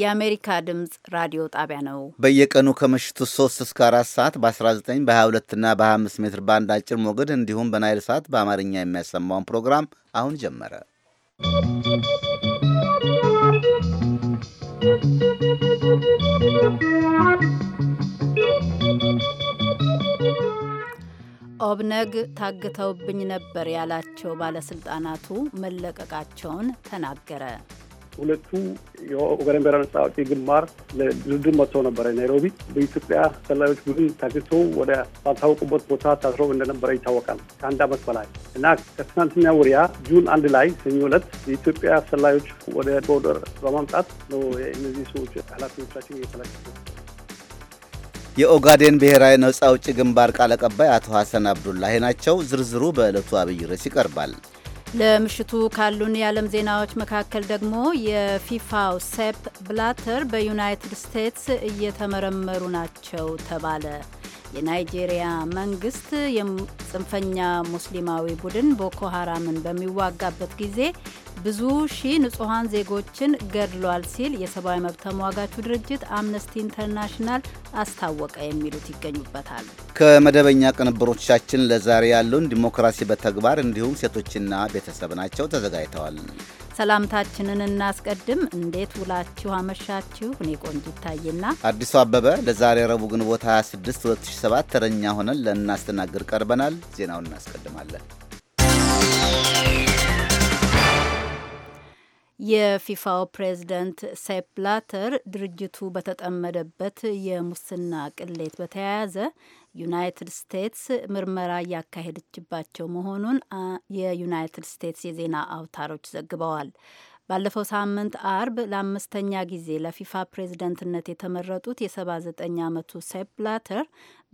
የአሜሪካ ድምፅ ራዲዮ ጣቢያ ነው። በየቀኑ ከምሽቱ 3 እስከ 4 ሰዓት በ19 በ22 እና በ25 ሜትር ባንድ አጭር ሞገድ እንዲሁም በናይል ሰዓት በአማርኛ የሚያሰማውን ፕሮግራም አሁን ጀመረ። ኦብነግ ታግተውብኝ ነበር ያላቸው ባለስልጣናቱ መለቀቃቸውን ተናገረ። ሁለቱ የኦጋዴን ብሔራዊ ነጻ አውጪ ግንባር ለድርድር መጥተው ነበረ ናይሮቢ። በኢትዮጵያ ሰላዮች ቡድን ታግቶ ወደ ባልታወቁበት ቦታ ታስረው እንደነበረ ይታወቃል ከአንድ ዓመት በላይ እና ከትናንትና ወዲያ ጁን አንድ ላይ ሰኞ ዕለት የኢትዮጵያ ሰላዮች ወደ ቦርደር በማምጣት ነው እነዚህ ሰዎች ኃላፊዎቻችን እየተለቀቁ የኦጋዴን ብሔራዊ ነጻ አውጪ ግንባር ቃል አቀባይ አቶ ሐሰን አብዱላሂ ናቸው። ዝርዝሩ በዕለቱ አብይ ርዕስ ይቀርባል። ለምሽቱ ካሉን የዓለም ዜናዎች መካከል ደግሞ የፊፋው ሴፕ ብላተር በዩናይትድ ስቴትስ እየተመረመሩ ናቸው ተባለ። የናይጄሪያ መንግስት የጽንፈኛ ሙስሊማዊ ቡድን ቦኮ ሀራምን በሚዋጋበት ጊዜ ብዙ ሺህ ንጹሐን ዜጎችን ገድሏል ሲል የሰብአዊ መብት ተሟጋቹ ድርጅት አምነስቲ ኢንተርናሽናል አስታወቀ። የሚሉት ይገኙበታል። ከመደበኛ ቅንብሮቻችን ለዛሬ ያሉን ዲሞክራሲ በተግባር እንዲሁም ሴቶችና ቤተሰብ ናቸው። ተዘጋጅተዋል። ሰላምታችንን እናስቀድም። እንዴት ውላችሁ አመሻችሁ? እኔ ቆንጅ ይታየና አዲሱ አበበ ለዛሬ ረቡዕ ግንቦት 26 2007 ተረኛ ሆነን ለእናስተናግድ ቀርበናል። ዜናውን እናስቀድማለን። የፊፋው ፕሬዝደንት ሴፕ ብላተር ድርጅቱ በተጠመደበት የሙስና ቅሌት በተያያዘ ዩናይትድ ስቴትስ ምርመራ እያካሄደችባቸው መሆኑን የዩናይትድ ስቴትስ የዜና አውታሮች ዘግበዋል። ባለፈው ሳምንት አርብ ለአምስተኛ ጊዜ ለፊፋ ፕሬዝደንትነት የተመረጡት የ79 ዓመቱ ሴፕ ብላተር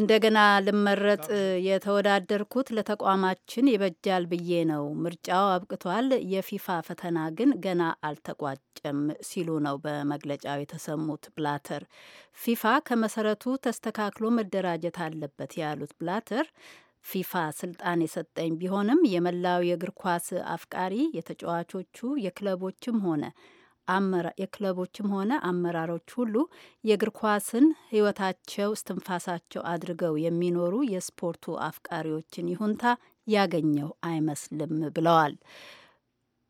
እንደገና ልመረጥ የተወዳደርኩት ለተቋማችን ይበጃል ብዬ ነው። ምርጫው አብቅቷል። የፊፋ ፈተና ግን ገና አልተቋጨም ሲሉ ነው በመግለጫው የተሰሙት ብላተር። ፊፋ ከመሰረቱ ተስተካክሎ መደራጀት አለበት ያሉት ብላተር ፊፋ ስልጣን የሰጠኝ ቢሆንም የመላው የእግር ኳስ አፍቃሪ የተጫዋቾቹ የክለቦችም ሆነ የክለቦችም ሆነ አመራሮች ሁሉ የእግር ኳስን ሕይወታቸው እስትንፋሳቸው አድርገው የሚኖሩ የስፖርቱ አፍቃሪዎችን ይሁንታ ያገኘው አይመስልም ብለዋል።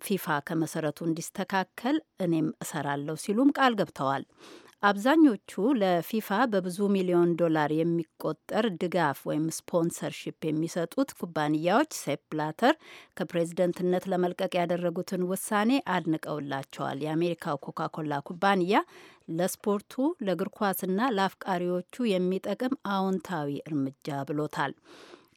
ፊፋ ከመሰረቱ እንዲስተካከል እኔም እሰራለሁ ሲሉም ቃል ገብተዋል። አብዛኞቹ ለፊፋ በብዙ ሚሊዮን ዶላር የሚቆጠር ድጋፍ ወይም ስፖንሰርሺፕ የሚሰጡት ኩባንያዎች ሴፕ ብላተር ከፕሬዝደንትነት ለመልቀቅ ያደረጉትን ውሳኔ አድንቀውላቸዋል። የአሜሪካው ኮካኮላ ኩባንያ ለስፖርቱ፣ ለእግር ኳስና ለአፍቃሪዎቹ የሚጠቅም አዎንታዊ እርምጃ ብሎታል።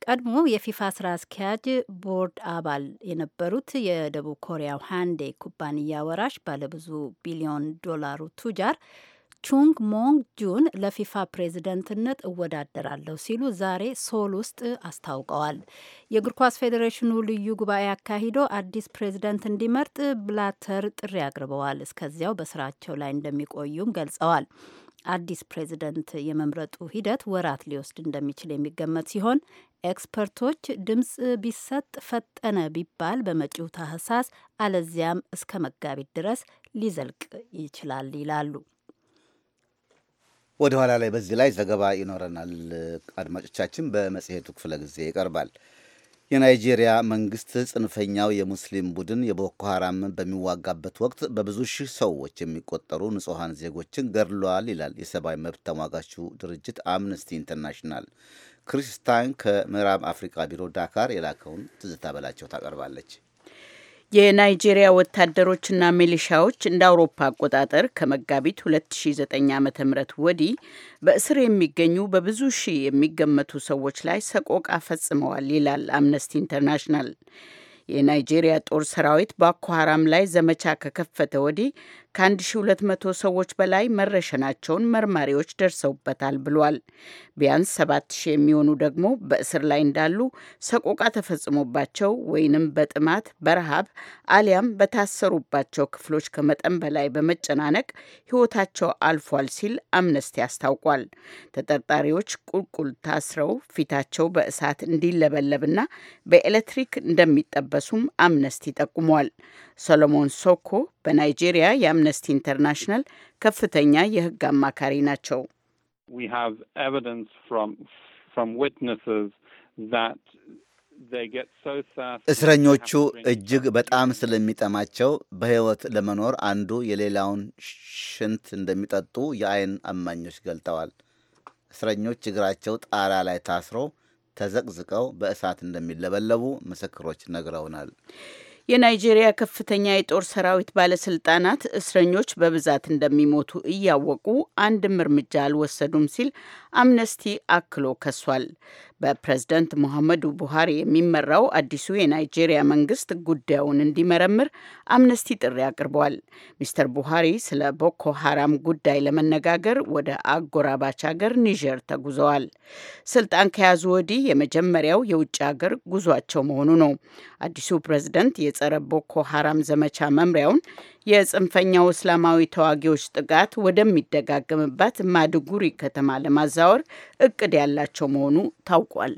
ቀድሞ የፊፋ ስራ አስኪያጅ ቦርድ አባል የነበሩት የደቡብ ኮሪያው ሃንዴ ኩባንያ ወራሽ ባለብዙ ቢሊዮን ዶላሩ ቱጃር ቹንግ ሞንግ ጁን ለፊፋ ፕሬዝደንትነት እወዳደራለሁ ሲሉ ዛሬ ሶል ውስጥ አስታውቀዋል። የእግር ኳስ ፌዴሬሽኑ ልዩ ጉባኤ አካሂዶ አዲስ ፕሬዝደንት እንዲመርጥ ብላተር ጥሪ አቅርበዋል። እስከዚያው በስራቸው ላይ እንደሚቆዩም ገልጸዋል። አዲስ ፕሬዝደንት የመምረጡ ሂደት ወራት ሊወስድ እንደሚችል የሚገመት ሲሆን ኤክስፐርቶች ድምፅ ቢሰጥ ፈጠነ ቢባል በመጪው ታህሳስ አለዚያም እስከ መጋቢት ድረስ ሊዘልቅ ይችላል ይላሉ። ወደ ኋላ ላይ በዚህ ላይ ዘገባ ይኖረናል። አድማጮቻችን፣ በመጽሔቱ ክፍለ ጊዜ ይቀርባል። የናይጄሪያ መንግስት ጽንፈኛው የሙስሊም ቡድን የቦኮ ሐራም በሚዋጋበት ወቅት በብዙ ሺህ ሰዎች የሚቆጠሩ ንጹሐን ዜጎችን ገድሏል ይላል የሰብአዊ መብት ተሟጋቹ ድርጅት አምነስቲ ኢንተርናሽናል። ክሪስታን ከምዕራብ አፍሪካ ቢሮ ዳካር የላከውን ትዝታ በላቸው ታቀርባለች። የናይጄሪያ ወታደሮችና ሚሊሻዎች እንደ አውሮፓ አቆጣጠር ከመጋቢት 2009 ዓ ም ወዲህ በእስር የሚገኙ በብዙ ሺህ የሚገመቱ ሰዎች ላይ ሰቆቃ ፈጽመዋል ይላል አምነስቲ ኢንተርናሽናል። የናይጄሪያ ጦር ሰራዊት ባኮ ሀራም ላይ ዘመቻ ከከፈተ ወዲህ ከ1200 ሰዎች በላይ መረሸናቸውን መርማሪዎች ደርሰውበታል ብሏል። ቢያንስ 7000 የሚሆኑ ደግሞ በእስር ላይ እንዳሉ ሰቆቃ ተፈጽሞባቸው ወይንም በጥማት በረሃብ አሊያም በታሰሩባቸው ክፍሎች ከመጠን በላይ በመጨናነቅ ሕይወታቸው አልፏል ሲል አምነስቲ አስታውቋል። ተጠርጣሪዎች ቁልቁል ታስረው ፊታቸው በእሳት እንዲለበለብና በኤሌክትሪክ እንደሚጠበ እንደለበሱም አምነስቲ ጠቁሟል። ሰሎሞን ሶኮ በናይጄሪያ የአምነስቲ ኢንተርናሽናል ከፍተኛ የሕግ አማካሪ ናቸው። እስረኞቹ እጅግ በጣም ስለሚጠማቸው በሕይወት ለመኖር አንዱ የሌላውን ሽንት እንደሚጠጡ የአይን አማኞች ገልጠዋል። እስረኞች እግራቸው ጣራ ላይ ታስረው ተዘቅዝቀው በእሳት እንደሚለበለቡ ምስክሮች ነግረውናል። የናይጄሪያ ከፍተኛ የጦር ሰራዊት ባለስልጣናት እስረኞች በብዛት እንደሚሞቱ እያወቁ አንድም እርምጃ አልወሰዱም ሲል አምነስቲ አክሎ ከሷል። በፕሬዝደንት ሙሐመዱ ቡሃሪ የሚመራው አዲሱ የናይጄሪያ መንግስት ጉዳዩን እንዲመረምር አምነስቲ ጥሪ አቅርበዋል። ሚስተር ቡሃሪ ስለ ቦኮ ሀራም ጉዳይ ለመነጋገር ወደ አጎራባች ሀገር ኒጀር ተጉዘዋል። ስልጣን ከያዙ ወዲህ የመጀመሪያው የውጭ ሀገር ጉዟቸው መሆኑ ነው። አዲሱ ፕሬዝደንት የጸረ ቦኮ ሀራም ዘመቻ መምሪያውን የጽንፈኛው እስላማዊ ተዋጊዎች ጥቃት ወደሚደጋገምባት ማድጉሪ ከተማ ለማዛወር እቅድ ያላቸው መሆኑ ታውቋል።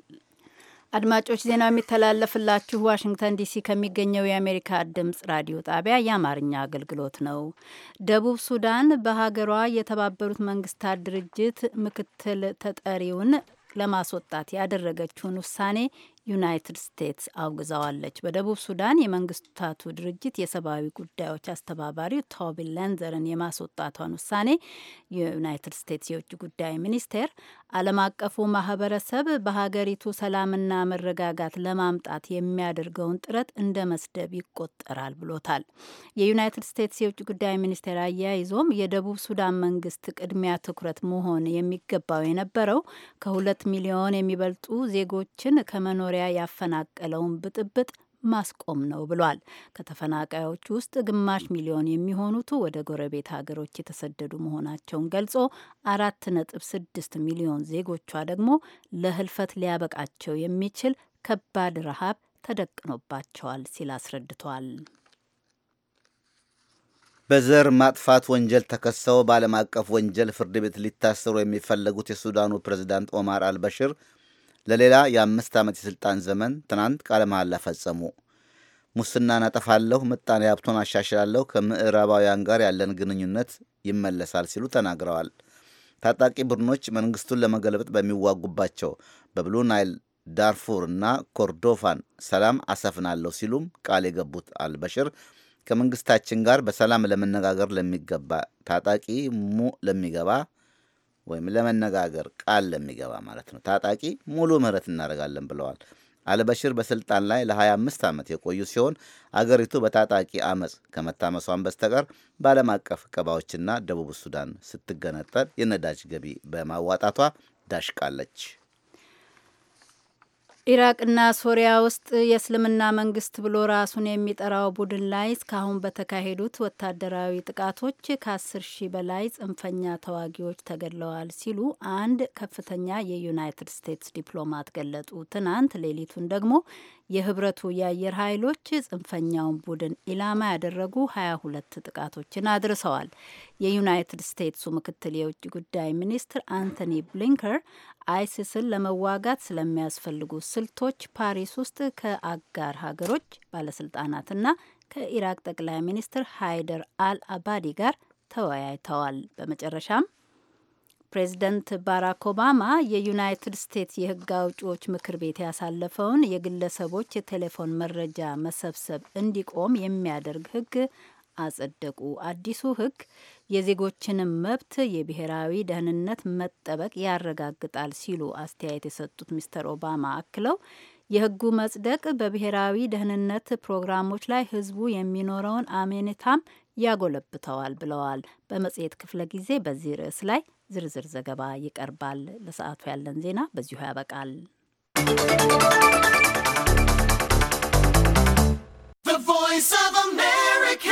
አድማጮች ዜናው የሚተላለፍላችሁ ዋሽንግተን ዲሲ ከሚገኘው የአሜሪካ ድምጽ ራዲዮ ጣቢያ የአማርኛ አገልግሎት ነው። ደቡብ ሱዳን በሀገሯ የተባበሩት መንግስታት ድርጅት ምክትል ተጠሪውን ለማስወጣት ያደረገችውን ውሳኔ ዩናይትድ ስቴትስ አውግዛዋለች። በደቡብ ሱዳን የመንግስታቱ ድርጅት የሰብአዊ ጉዳዮች አስተባባሪው ቶቢ ላንዘርን የማስወጣቷን ውሳኔ የዩናይትድ ስቴትስ የውጭ ጉዳይ ሚኒስቴር ዓለም አቀፉ ማህበረሰብ በሀገሪቱ ሰላምና መረጋጋት ለማምጣት የሚያደርገውን ጥረት እንደ መስደብ ይቆጠራል ብሎታል። የዩናይትድ ስቴትስ የውጭ ጉዳይ ሚኒስቴር አያይዞም የደቡብ ሱዳን መንግስት ቅድሚያ ትኩረት መሆን የሚገባው የነበረው ከሁለት ሚሊዮን የሚበልጡ ዜጎችን ከመኖሪያ ያፈናቀለውን ብጥብጥ ማስቆም ነው ብሏል። ከተፈናቃዮች ውስጥ ግማሽ ሚሊዮን የሚሆኑቱ ወደ ጎረቤት ሀገሮች የተሰደዱ መሆናቸውን ገልጾ አራት ነጥብ ስድስት ሚሊዮን ዜጎቿ ደግሞ ለህልፈት ሊያበቃቸው የሚችል ከባድ ረሃብ ተደቅኖባቸዋል ሲል አስረድቷል። በዘር ማጥፋት ወንጀል ተከሰው በዓለም አቀፍ ወንጀል ፍርድ ቤት ሊታሰሩ የሚፈለጉት የሱዳኑ ፕሬዝዳንት ኦማር አልበሽር ለሌላ የአምስት ዓመት የሥልጣን ዘመን ትናንት ቃለ መሐላ ፈጸሙ። ሙስናን አጠፋለሁ፣ ምጣኔ ሀብቶን አሻሽላለሁ፣ ከምዕራባውያን ጋር ያለን ግንኙነት ይመለሳል ሲሉ ተናግረዋል። ታጣቂ ቡድኖች መንግስቱን ለመገልበጥ በሚዋጉባቸው በብሉ ናይል፣ ዳርፉር እና ኮርዶፋን ሰላም አሰፍናለሁ ሲሉም ቃል የገቡት አልበሽር ከመንግስታችን ጋር በሰላም ለመነጋገር ለሚገባ ታጣቂ ሙ ለሚገባ ወይም ለመነጋገር ቃል ለሚገባ ማለት ነው ታጣቂ ሙሉ ምህረት እናደርጋለን ብለዋል። አልበሽር በስልጣን ላይ ለ25 ዓመት የቆዩ ሲሆን አገሪቱ በታጣቂ አመፅ ከመታመሷን በስተቀር በዓለም አቀፍ ቀባዎችና ደቡብ ሱዳን ስትገነጠል የነዳጅ ገቢ በማዋጣቷ ዳሽቃለች። ኢራቅና ሶሪያ ውስጥ የእስልምና መንግስት ብሎ ራሱን የሚጠራው ቡድን ላይ እስካሁን በተካሄዱት ወታደራዊ ጥቃቶች ከአስር ሺህ በላይ ጽንፈኛ ተዋጊዎች ተገድለዋል ሲሉ አንድ ከፍተኛ የዩናይትድ ስቴትስ ዲፕሎማት ገለጡ። ትናንት ሌሊቱን ደግሞ የህብረቱ የአየር ኃይሎች ጽንፈኛውን ቡድን ኢላማ ያደረጉ 22 ጥቃቶችን አድርሰዋል። የዩናይትድ ስቴትሱ ምክትል የውጭ ጉዳይ ሚኒስትር አንቶኒ ብሊንከር አይሲስን ለመዋጋት ስለሚያስፈልጉ ስልቶች ፓሪስ ውስጥ ከአጋር ሀገሮች ባለስልጣናትና ከኢራቅ ጠቅላይ ሚኒስትር ሃይደር አል አባዲ ጋር ተወያይተዋል። በመጨረሻም ፕሬዚደንት ባራክ ኦባማ የዩናይትድ ስቴትስ የሕግ አውጪዎች ምክር ቤት ያሳለፈውን የግለሰቦች የቴሌፎን መረጃ መሰብሰብ እንዲቆም የሚያደርግ ሕግ አጸደቁ። አዲሱ ሕግ የዜጎችንም መብት የብሔራዊ ደህንነት መጠበቅ ያረጋግጣል ሲሉ አስተያየት የሰጡት ሚስተር ኦባማ አክለው የህጉ መጽደቅ በብሔራዊ ደህንነት ፕሮግራሞች ላይ ህዝቡ የሚኖረውን አሜኔታም ያጎለብተዋል ብለዋል። በመጽሔት ክፍለ ጊዜ በዚህ ርዕስ ላይ ዝርዝር ዘገባ ይቀርባል። ለሰዓቱ ያለን ዜና በዚሁ ያበቃል። ቮይስ ኦፍ አሜሪካ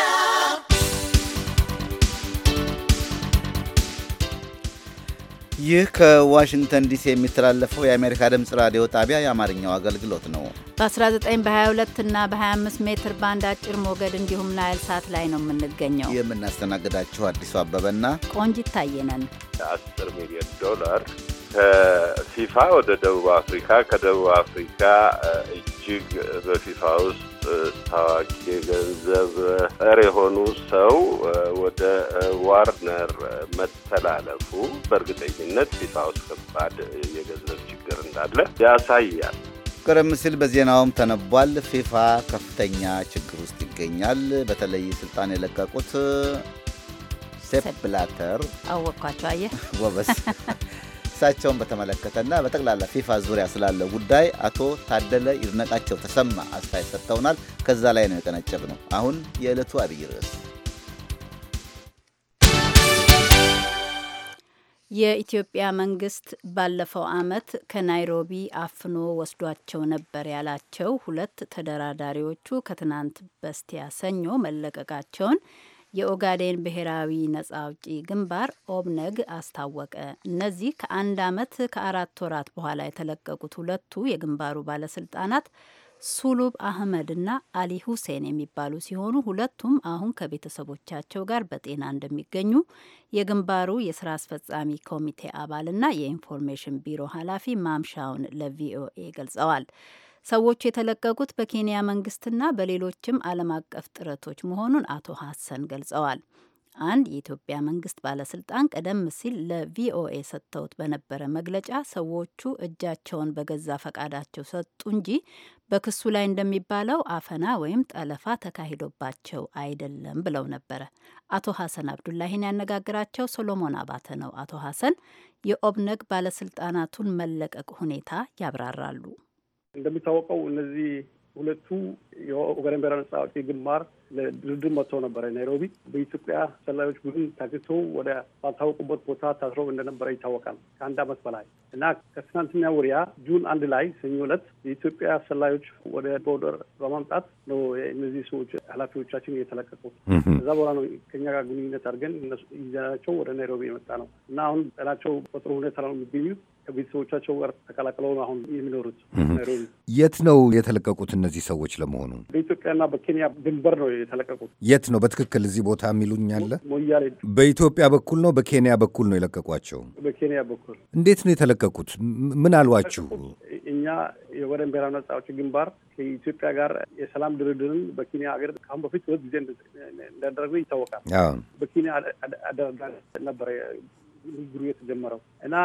ይህ ከዋሽንግተን ዲሲ የሚተላለፈው የአሜሪካ ድምፅ ራዲዮ ጣቢያ የአማርኛው አገልግሎት ነው። በ19 በ22 እና በ25 ሜትር ባንድ አጭር ሞገድ እንዲሁም ናይል ሳት ላይ ነው የምንገኘው። የምናስተናግዳችሁ አዲሱ አበበና ቆንጅ ይታየናል። 10 ሚሊዮን ዶላር ከፊፋ ወደ ደቡብ አፍሪካ፣ ከደቡብ አፍሪካ እጅግ በፊፋ ውስጥ ታዋቂ የገንዘብ ጠር የሆኑ ሰው ወደ ዋርነር መተላለፉ በእርግጠኝነት ፊቷ ውስጥ ከባድ የገንዘብ ችግር እንዳለ ያሳያል። ቀደም ሲል በዜናውም ተነቧል። ፊፋ ከፍተኛ ችግር ውስጥ ይገኛል። በተለይ ስልጣን የለቀቁት ሴፕ ብላተር አወቅኳቸው። አየህ ጎበዝ እሳቸውን በተመለከተና በጠቅላላ ፊፋ ዙሪያ ስላለው ጉዳይ አቶ ታደለ ይድነቃቸው ተሰማ አስተያየት ሰጥተውናል። ከዛ ላይ ነው የቀነጨብ ነው። አሁን የዕለቱ አብይ ርዕስ የኢትዮጵያ መንግስት ባለፈው ዓመት ከናይሮቢ አፍኖ ወስዷቸው ነበር ያላቸው ሁለት ተደራዳሪዎቹ ከትናንት በስቲያ ሰኞ መለቀቃቸውን የኦጋዴን ብሔራዊ ነጻ አውጪ ግንባር ኦብነግ አስታወቀ። እነዚህ ከአንድ ዓመት ከአራት ወራት በኋላ የተለቀቁት ሁለቱ የግንባሩ ባለስልጣናት ሱሉብ አህመድ እና አሊ ሁሴን የሚባሉ ሲሆኑ ሁለቱም አሁን ከቤተሰቦቻቸው ጋር በጤና እንደሚገኙ የግንባሩ የስራ አስፈጻሚ ኮሚቴ አባልና የኢንፎርሜሽን ቢሮ ኃላፊ ማምሻውን ለቪኦኤ ገልጸዋል። ሰዎቹ የተለቀቁት በኬንያ መንግስትና በሌሎችም ዓለም አቀፍ ጥረቶች መሆኑን አቶ ሀሰን ገልጸዋል። አንድ የኢትዮጵያ መንግስት ባለስልጣን ቀደም ሲል ለቪኦኤ ሰጥተውት በነበረ መግለጫ ሰዎቹ እጃቸውን በገዛ ፈቃዳቸው ሰጡ እንጂ በክሱ ላይ እንደሚባለው አፈና ወይም ጠለፋ ተካሂዶባቸው አይደለም ብለው ነበረ። አቶ ሀሰን አብዱላሂን ያነጋግራቸው ሶሎሞን አባተ ነው። አቶ ሀሰን የኦብነግ ባለስልጣናቱን መለቀቅ ሁኔታ ያብራራሉ። እንደሚታወቀው እነዚህ ሁለቱ የኦጋዴን ብሔራዊ ነጻ አውጪ ግንባር ለድርድር መጥተው ነበረ ናይሮቢ። በኢትዮጵያ ሰላዮች ቡድን ታግቶ ወደ ባልታወቁበት ቦታ ታስሮ እንደነበረ ይታወቃል ከአንድ አመት በላይ እና ከትናንትና ውሪያ ጁን አንድ ላይ ሰኞ ዕለት የኢትዮጵያ ሰላዮች ወደ ቦርደር በማምጣት ነው እነዚህ ሰዎች ኃላፊዎቻችን የተለቀቁት። ከዛ በኋላ ነው ከኛ ጋር ግንኙነት አድርገን ይዘናቸው ወደ ናይሮቢ የመጣ ነው እና አሁን ጤናቸው በጥሩ ሁኔታ ነው የሚገኙት። ከቤተሰቦቻቸው ጋር ተቀላቅለው አሁን የሚኖሩት ናይሮቢ። የት ነው የተለቀቁት እነዚህ ሰዎች ለመሆኑ? በኢትዮጵያና በኬንያ ድንበር ነው የተለቀቁት። የት ነው በትክክል እዚህ ቦታ የሚሉኝ አለ? ሞያሌ በኢትዮጵያ በኩል ነው በኬንያ በኩል ነው የለቀቋቸው? በኬንያ በኩል። እንዴት ነው የተለቀቁት? ምን አሏችሁ? እኛ የወደን ብሔራዊ ነጻ አውጪ ግንባር ከኢትዮጵያ ጋር የሰላም ድርድርን በኬንያ ሀገር ከአሁን በፊት ሁለት ጊዜ እንዳደረጉ ይታወቃል። በኬንያ አደረጋ ነበረ ንግግሩ የተጀመረው እና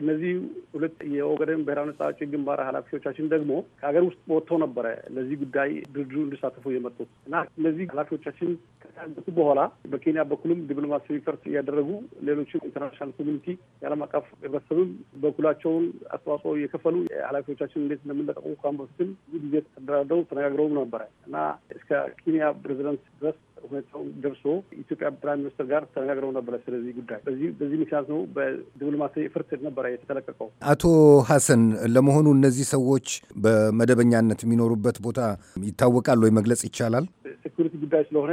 እነዚህ ሁለት የኦጋዴን ብሔራዊ ነጻ አውጪ ግንባር ኃላፊዎቻችን ደግሞ ከሀገር ውስጥ ወጥቶ ነበረ ለዚህ ጉዳይ ድርድሩ እንዲሳተፉ የመጡት እና እነዚህ ኃላፊዎቻችን ከታገቱ በኋላ በኬንያ በኩልም ዲፕሎማሲ ሪፈርስ እያደረጉ ሌሎችም ኢንተርናሽናል ኮሚኒቲ የዓለም አቀፍ ህብረተሰብም በኩላቸውን አስተዋጽኦ የከፈሉ ኃላፊዎቻችን እንዴት እንደምንለቀቁ ከአሁን በፊትም ጊዜ ተደራድረው ተነጋግረውም ነበረ እና እስከ ኬንያ ፕሬዚደንት ድረስ ሁኔታው ደርሶ ኢትዮጵያ ፕራይም ሚኒስትር ጋር ተነጋግረው ነበረ። ስለዚህ ጉዳይ በዚህ በዚህ ምክንያት ነው በዲፕሎማሲ ፍርት ነበረ የተለቀቀው። አቶ ሀሰን፣ ለመሆኑ እነዚህ ሰዎች በመደበኛነት የሚኖሩበት ቦታ ይታወቃል ወይ መግለጽ ይቻላል? ሴኩሪቲ ጉዳይ ስለሆነ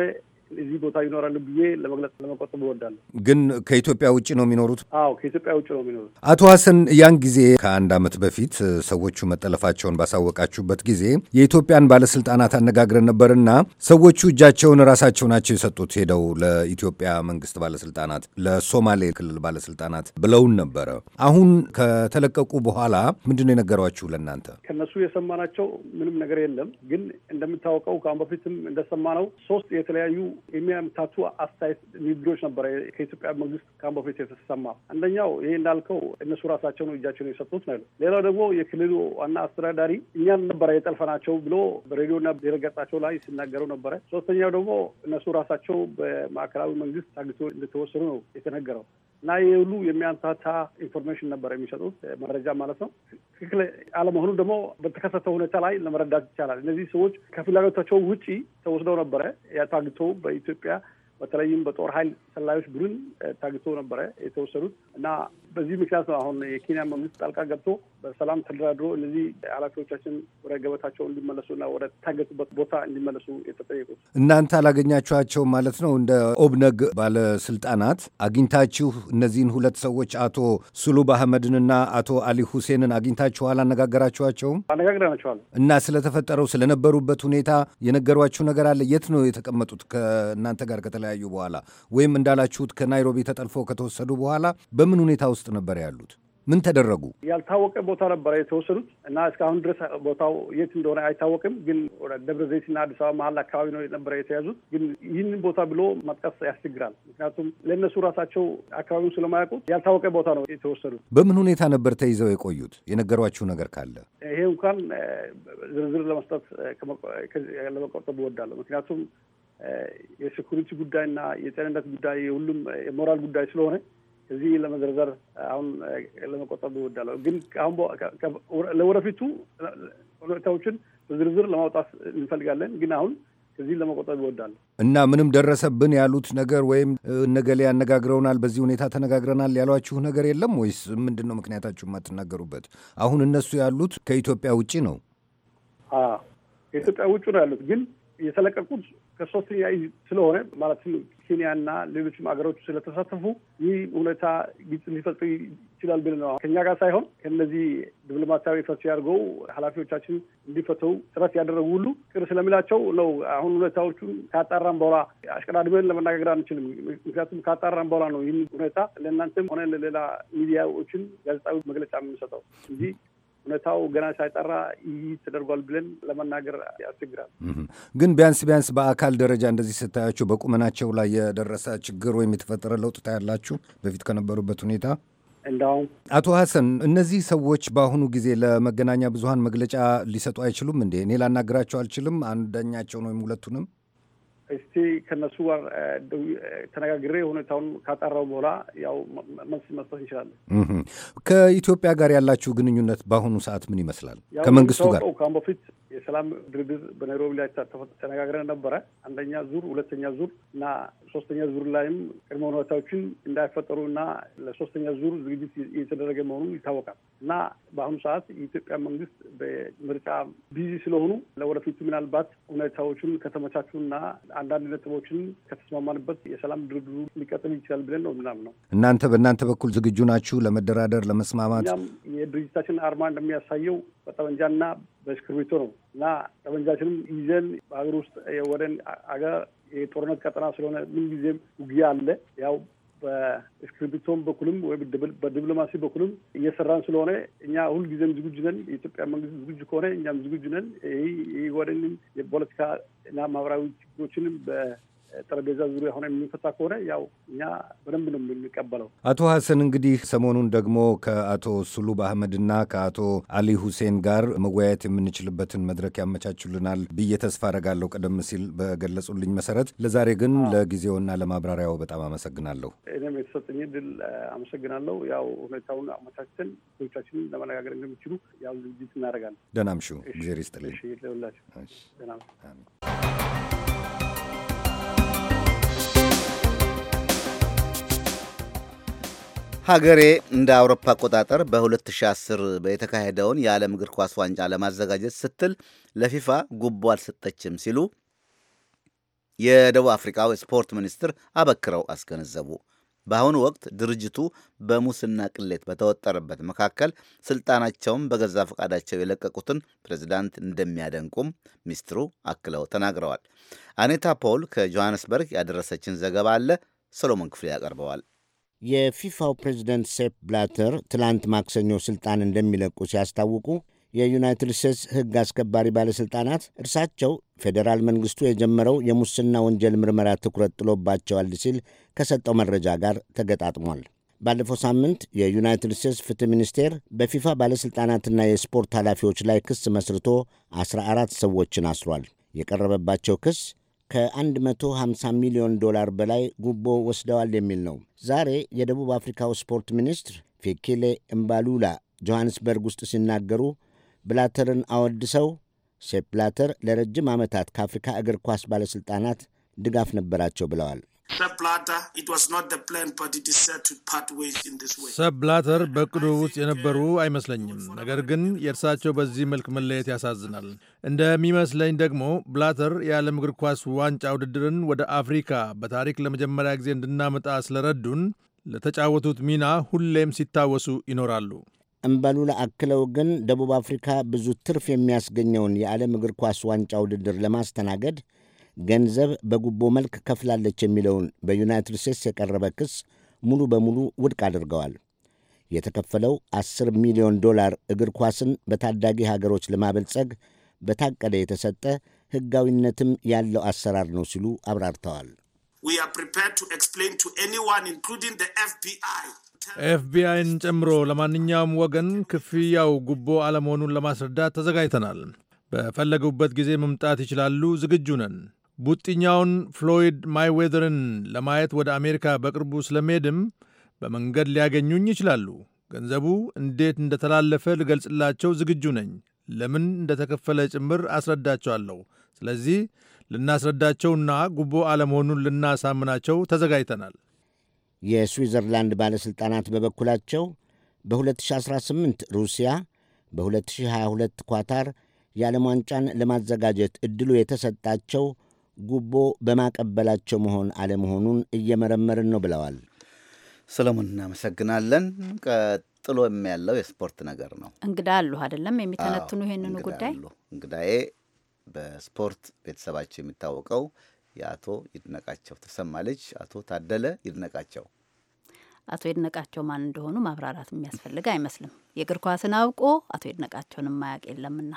እዚህ ቦታ ይኖራሉ ብዬ ለመግለጽ ለመቆጠብ እወዳለሁ። ግን ከኢትዮጵያ ውጭ ነው የሚኖሩት? አዎ ከኢትዮጵያ ውጭ ነው የሚኖሩት። አቶ ሀሰን ያን ጊዜ ከአንድ ዓመት በፊት ሰዎቹ መጠለፋቸውን ባሳወቃችሁበት ጊዜ የኢትዮጵያን ባለስልጣናት አነጋግረን ነበርና ሰዎቹ እጃቸውን ራሳቸው ናቸው የሰጡት ሄደው ለኢትዮጵያ መንግስት ባለስልጣናት፣ ለሶማሌ ክልል ባለስልጣናት ብለውን ነበረ። አሁን ከተለቀቁ በኋላ ምንድን ነው የነገሯችሁ ለእናንተ? ከነሱ የሰማናቸው ምንም ነገር የለም። ግን እንደምታወቀው ከአሁን በፊትም እንደሰማነው ሶስት የተለያዩ የሚያምታቱ አስተያየት ንግግሮች ነበረ ከኢትዮጵያ መንግስት ከአሁን በፊት የተሰማ። አንደኛው ይሄ እንዳልከው እነሱ ነው እጃቸውን የሰጡት ነው። ሌላው ደግሞ የክልሉ ዋና አስተዳዳሪ እኛን ነበረ የጠልፈናቸው ብሎ በሬዲዮና ድረገጻቸው ላይ ሲናገሩ ነበረ። ሶስተኛው ደግሞ እነሱ ራሳቸው በማዕከላዊ መንግስት ታግቶ እንደተወሰኑ ነው የተነገረው። እና የሁሉ የሚያንታታ ኢንፎርሜሽን ነበር የሚሰጡት መረጃ ማለት ነው። ትክክል አለመሆኑ ደግሞ በተከሰተ ሁኔታ ላይ ለመረዳት ይቻላል። እነዚህ ሰዎች ከፍላጎታቸው ውጪ ተወስደው ነበረ ታግቶ በኢትዮጵያ በተለይም በጦር ኃይል ሰላዮች ቡድን ታግቶ ነበረ የተወሰዱት እና በዚህ ምክንያት ነው አሁን የኬንያ መንግስት ጣልቃ ገብቶ በሰላም ተደራድሮ እነዚህ ኃላፊዎቻችን ወደ ገበታቸው እንዲመለሱ እና ወደ ታገቱበት ቦታ እንዲመለሱ የተጠየቁት። እናንተ አላገኛችኋቸው ማለት ነው? እንደ ኦብነግ ባለስልጣናት አግኝታችሁ እነዚህን ሁለት ሰዎች አቶ ሱሉብ አህመድንና አቶ አሊ ሁሴንን አግኝታችኋል? አነጋገራችኋቸውም? አነጋግረናቸዋል። እና ስለተፈጠረው ስለነበሩበት ሁኔታ የነገሯችሁ ነገር አለ? የት ነው የተቀመጡት ከእናንተ ጋር ከተለያ ከተለያዩ በኋላ ወይም እንዳላችሁት ከናይሮቢ ተጠልፎ ከተወሰዱ በኋላ በምን ሁኔታ ውስጥ ነበር ያሉት? ምን ተደረጉ? ያልታወቀ ቦታ ነበረ የተወሰዱት እና እስካሁን ድረስ ቦታው የት እንደሆነ አይታወቅም። ግን ደብረ ዘይትና አዲስ አበባ መሀል አካባቢ ነው ነበረ የተያዙት። ግን ይህንን ቦታ ብሎ መጥቀስ ያስቸግራል። ምክንያቱም ለእነሱ ራሳቸው አካባቢውን ስለማያውቁት ያልታወቀ ቦታ ነው የተወሰዱት። በምን ሁኔታ ነበር ተይዘው የቆዩት? የነገሯችሁ ነገር ካለ ይሄ እንኳን ዝርዝር ለመስጠት ለመቆጠብ እወዳለሁ። ምክንያቱም የሴኩሪቲ ጉዳይና የጤንነት ጉዳይ የሁሉም የሞራል ጉዳይ ስለሆነ እዚህ ለመዘርዘር አሁን ለመቆጠብ ይወዳለሁ። ግን አሁን ለወደፊቱ ሁኔታዎችን በዝርዝር ለማውጣት እንፈልጋለን። ግን አሁን እዚህ ለመቆጠብ ይወዳለሁ እና ምንም ደረሰብን ያሉት ነገር ወይም እነገሌ ያነጋግረውናል፣ በዚህ ሁኔታ ተነጋግረናል ያሏችሁ ነገር የለም ወይስ ምንድን ነው ምክንያታችሁ የማትናገሩበት? አሁን እነሱ ያሉት ከኢትዮጵያ ውጭ ነው። ከኢትዮጵያ ውጭ ነው ያሉት ግን የተለቀቁት ከሶስት ተያይ ስለሆነ ማለትም ኬንያና ሌሎችም ሀገሮች ስለተሳተፉ ይህ ሁኔታ ግጭት ሊፈጥር ይችላል ብል ነው ከኛ ጋር ሳይሆን ከነዚህ ዲፕሎማሲያዊ ፈስ ያድርገው ኃላፊዎቻችን እንዲፈተው ጥረት ያደረጉ ሁሉ ቅር ስለሚላቸው ነው። አሁን ሁኔታዎቹን ካጣራን በኋላ አሽቀዳድመን ለመነጋገር አንችልም። ምክንያቱም ካጣራን በኋላ ነው ይህን ሁኔታ ለእናንተም ሆነ ለሌላ ሚዲያዎችን ጋዜጣዊ መግለጫ የምንሰጠው እንጂ ሁኔታው ገና ሳይጠራ ይህ ተደርጓል ብለን ለመናገር ያስቸግራል። ግን ቢያንስ ቢያንስ በአካል ደረጃ እንደዚህ ስታያቸው በቁመናቸው ላይ የደረሰ ችግር ወይም የተፈጠረ ለውጥ ታያላችሁ በፊት ከነበሩበት ሁኔታ? እንዳውም አቶ ሀሰን እነዚህ ሰዎች በአሁኑ ጊዜ ለመገናኛ ብዙኃን መግለጫ ሊሰጡ አይችሉም እንዴ? እኔ ላናገራቸው አልችልም አንደኛቸውን ወይም ሁለቱንም እስቲ ከነሱ ጋር ተነጋግሬ ሁኔታውን ካጠራው በኋላ ያው መልስ መስጠት እንችላለን። ከኢትዮጵያ ጋር ያላችሁ ግንኙነት በአሁኑ ሰዓት ምን ይመስላል? ከመንግስቱ ጋር ከአሁን በፊት የሰላም ድርድር በናይሮቢ ላይ ተነጋግረን ነበረ። አንደኛ ዙር፣ ሁለተኛ ዙር እና ሶስተኛ ዙር ላይም ቅድመ ሁኔታዎችን እንዳይፈጠሩ እና ለሶስተኛ ዙር ዝግጅት እየተደረገ መሆኑን ይታወቃል እና በአሁኑ ሰዓት የኢትዮጵያ መንግስት በምርጫ ቢዚ ስለሆኑ ለወደፊቱ ምናልባት ሁኔታዎችን ከተመቻቹ እና አንዳንድ ነጥቦችን ከተስማማንበት የሰላም ድርድሩ ሊቀጥል ይችላል ብለን ነው ምናምነው። እናንተ በእናንተ በኩል ዝግጁ ናችሁ ለመደራደር፣ ለመስማማት? የድርጅታችን አርማ እንደሚያሳየው በጠመንጃና በእስክርቢቶ ነው እና ጠመንጃችንም ይዘን በሀገር ውስጥ ወደን አገር የጦርነት ቀጠና ስለሆነ ምን ጊዜም ውጊያ አለ። ያው በእስክርቢቶን በኩልም ወይም በዲፕሎማሲ በኩልም እየሰራን ስለሆነ እኛ ሁልጊዜም ዝግጁ ነን። የኢትዮጵያ መንግስት ዝግጁ ከሆነ እኛም ዝግጁ ነን። ይህ ወደንም የፖለቲካና ማህበራዊ ችግሮችንም ጠረጴዛ ዙሪያ ሆነ የምንፈታ ከሆነ ያው እኛ በደንብ ነው የምንቀበለው። አቶ ሀሰን እንግዲህ ሰሞኑን ደግሞ ከአቶ ሱሉብ አህመድና ከአቶ አሊ ሁሴን ጋር መወያየት የምንችልበትን መድረክ ያመቻቹልናል ብዬ ተስፋ አረጋለሁ። ቀደም ሲል በገለጹልኝ መሰረት ለዛሬ ግን ለጊዜውና ለማብራሪያው በጣም አመሰግናለሁ። እኔም የተሰጠኝ ድል አመሰግናለሁ። ያው ሁኔታውን አመቻችተን ቶቻችን ለመነጋገር እንደሚችሉ ያው ዝግጅት እናደርጋለን። ደናምሹ እምሹ። እግዜር ይስጥልኝ። ደህና ሀገሬ እንደ አውሮፓ አቆጣጠር በ2010 የተካሄደውን የዓለም እግር ኳስ ዋንጫ ለማዘጋጀት ስትል ለፊፋ ጉቦ አልሰጠችም ሲሉ የደቡብ አፍሪካው ስፖርት ሚኒስትር አበክረው አስገነዘቡ። በአሁኑ ወቅት ድርጅቱ በሙስና ቅሌት በተወጠረበት መካከል ስልጣናቸውን በገዛ ፈቃዳቸው የለቀቁትን ፕሬዚዳንት እንደሚያደንቁም ሚኒስትሩ አክለው ተናግረዋል። አኔታ ፖል ከጆሃንስበርግ ያደረሰችን ዘገባ አለ፣ ሰሎሞን ክፍሌ ያቀርበዋል። የፊፋው ፕሬዚደንት ሴፕ ብላተር ትላንት ማክሰኞ ስልጣን እንደሚለቁ ሲያስታውቁ የዩናይትድ ስቴትስ ሕግ አስከባሪ ባለሥልጣናት እርሳቸው ፌዴራል መንግሥቱ የጀመረው የሙስና ወንጀል ምርመራ ትኩረት ጥሎባቸዋል ሲል ከሰጠው መረጃ ጋር ተገጣጥሟል። ባለፈው ሳምንት የዩናይትድ ስቴትስ ፍትሕ ሚኒስቴር በፊፋ ባለሥልጣናትና የስፖርት ኃላፊዎች ላይ ክስ መስርቶ 14 ሰዎችን አስሯል። የቀረበባቸው ክስ ከ150 ሚሊዮን ዶላር በላይ ጉቦ ወስደዋል የሚል ነው። ዛሬ የደቡብ አፍሪካው ስፖርት ሚኒስትር ፌኬሌ እምባሉላ ጆሐንስበርግ ውስጥ ሲናገሩ ብላተርን አወድሰው ሴፕ ብላተር ለረጅም ዓመታት ከአፍሪካ እግር ኳስ ባለሥልጣናት ድጋፍ ነበራቸው ብለዋል። ሰብ ብላተር በቅዱ ውስጥ የነበሩ አይመስለኝም። ነገር ግን የእርሳቸው በዚህ መልክ መለየት ያሳዝናል። እንደሚመስለኝ ደግሞ ብላተር የዓለም እግር ኳስ ዋንጫ ውድድርን ወደ አፍሪካ በታሪክ ለመጀመሪያ ጊዜ እንድናመጣ ስለረዱን ለተጫወቱት ሚና ሁሌም ሲታወሱ ይኖራሉ። እምበሉላ አክለው ግን ደቡብ አፍሪካ ብዙ ትርፍ የሚያስገኘውን የዓለም እግር ኳስ ዋንጫ ውድድር ለማስተናገድ ገንዘብ በጉቦ መልክ ከፍላለች የሚለውን በዩናይትድ ስቴትስ የቀረበ ክስ ሙሉ በሙሉ ውድቅ አድርገዋል። የተከፈለው 10 ሚሊዮን ዶላር እግር ኳስን በታዳጊ ሀገሮች ለማበልጸግ በታቀደ የተሰጠ ሕጋዊነትም ያለው አሰራር ነው ሲሉ አብራርተዋል። ኤፍቢአይን ጨምሮ ለማንኛውም ወገን ክፍያው ጉቦ አለመሆኑን ለማስረዳት ተዘጋጅተናል። በፈለጉበት ጊዜ መምጣት ይችላሉ። ዝግጁ ነን። ቡጢኛውን ፍሎይድ ማይዌዘርን ለማየት ወደ አሜሪካ በቅርቡ ስለመሄድም በመንገድ ሊያገኙኝ ይችላሉ። ገንዘቡ እንዴት እንደተላለፈ ልገልጽላቸው ዝግጁ ነኝ። ለምን እንደተከፈለ ጭምር አስረዳቸዋለሁ። ስለዚህ ልናስረዳቸውና ጉቦ አለመሆኑን ልናሳምናቸው ተዘጋጅተናል። የስዊዘርላንድ ባለሥልጣናት በበኩላቸው በ2018 ሩሲያ፣ በ2022 ኳታር የዓለም ዋንጫን ለማዘጋጀት ዕድሉ የተሰጣቸው ጉቦ በማቀበላቸው መሆን አለመሆኑን እየመረመርን ነው ብለዋል። ሰለሞን እናመሰግናለን። ቀጥሎ ያለው የስፖርት ነገር ነው። እንግዳ አሉ አይደለም የሚተነትኑ ይህንኑ ጉዳይ እንግዳዬ በስፖርት ቤተሰባቸው የሚታወቀው የአቶ ይድነቃቸው ተሰማ ልጅ አቶ ታደለ ይድነቃቸው። አቶ ይድነቃቸው ማን እንደሆኑ ማብራራት የሚያስፈልግ አይመስልም። የእግር ኳስን አውቆ አቶ ይድነቃቸውን የማያውቅ የለምና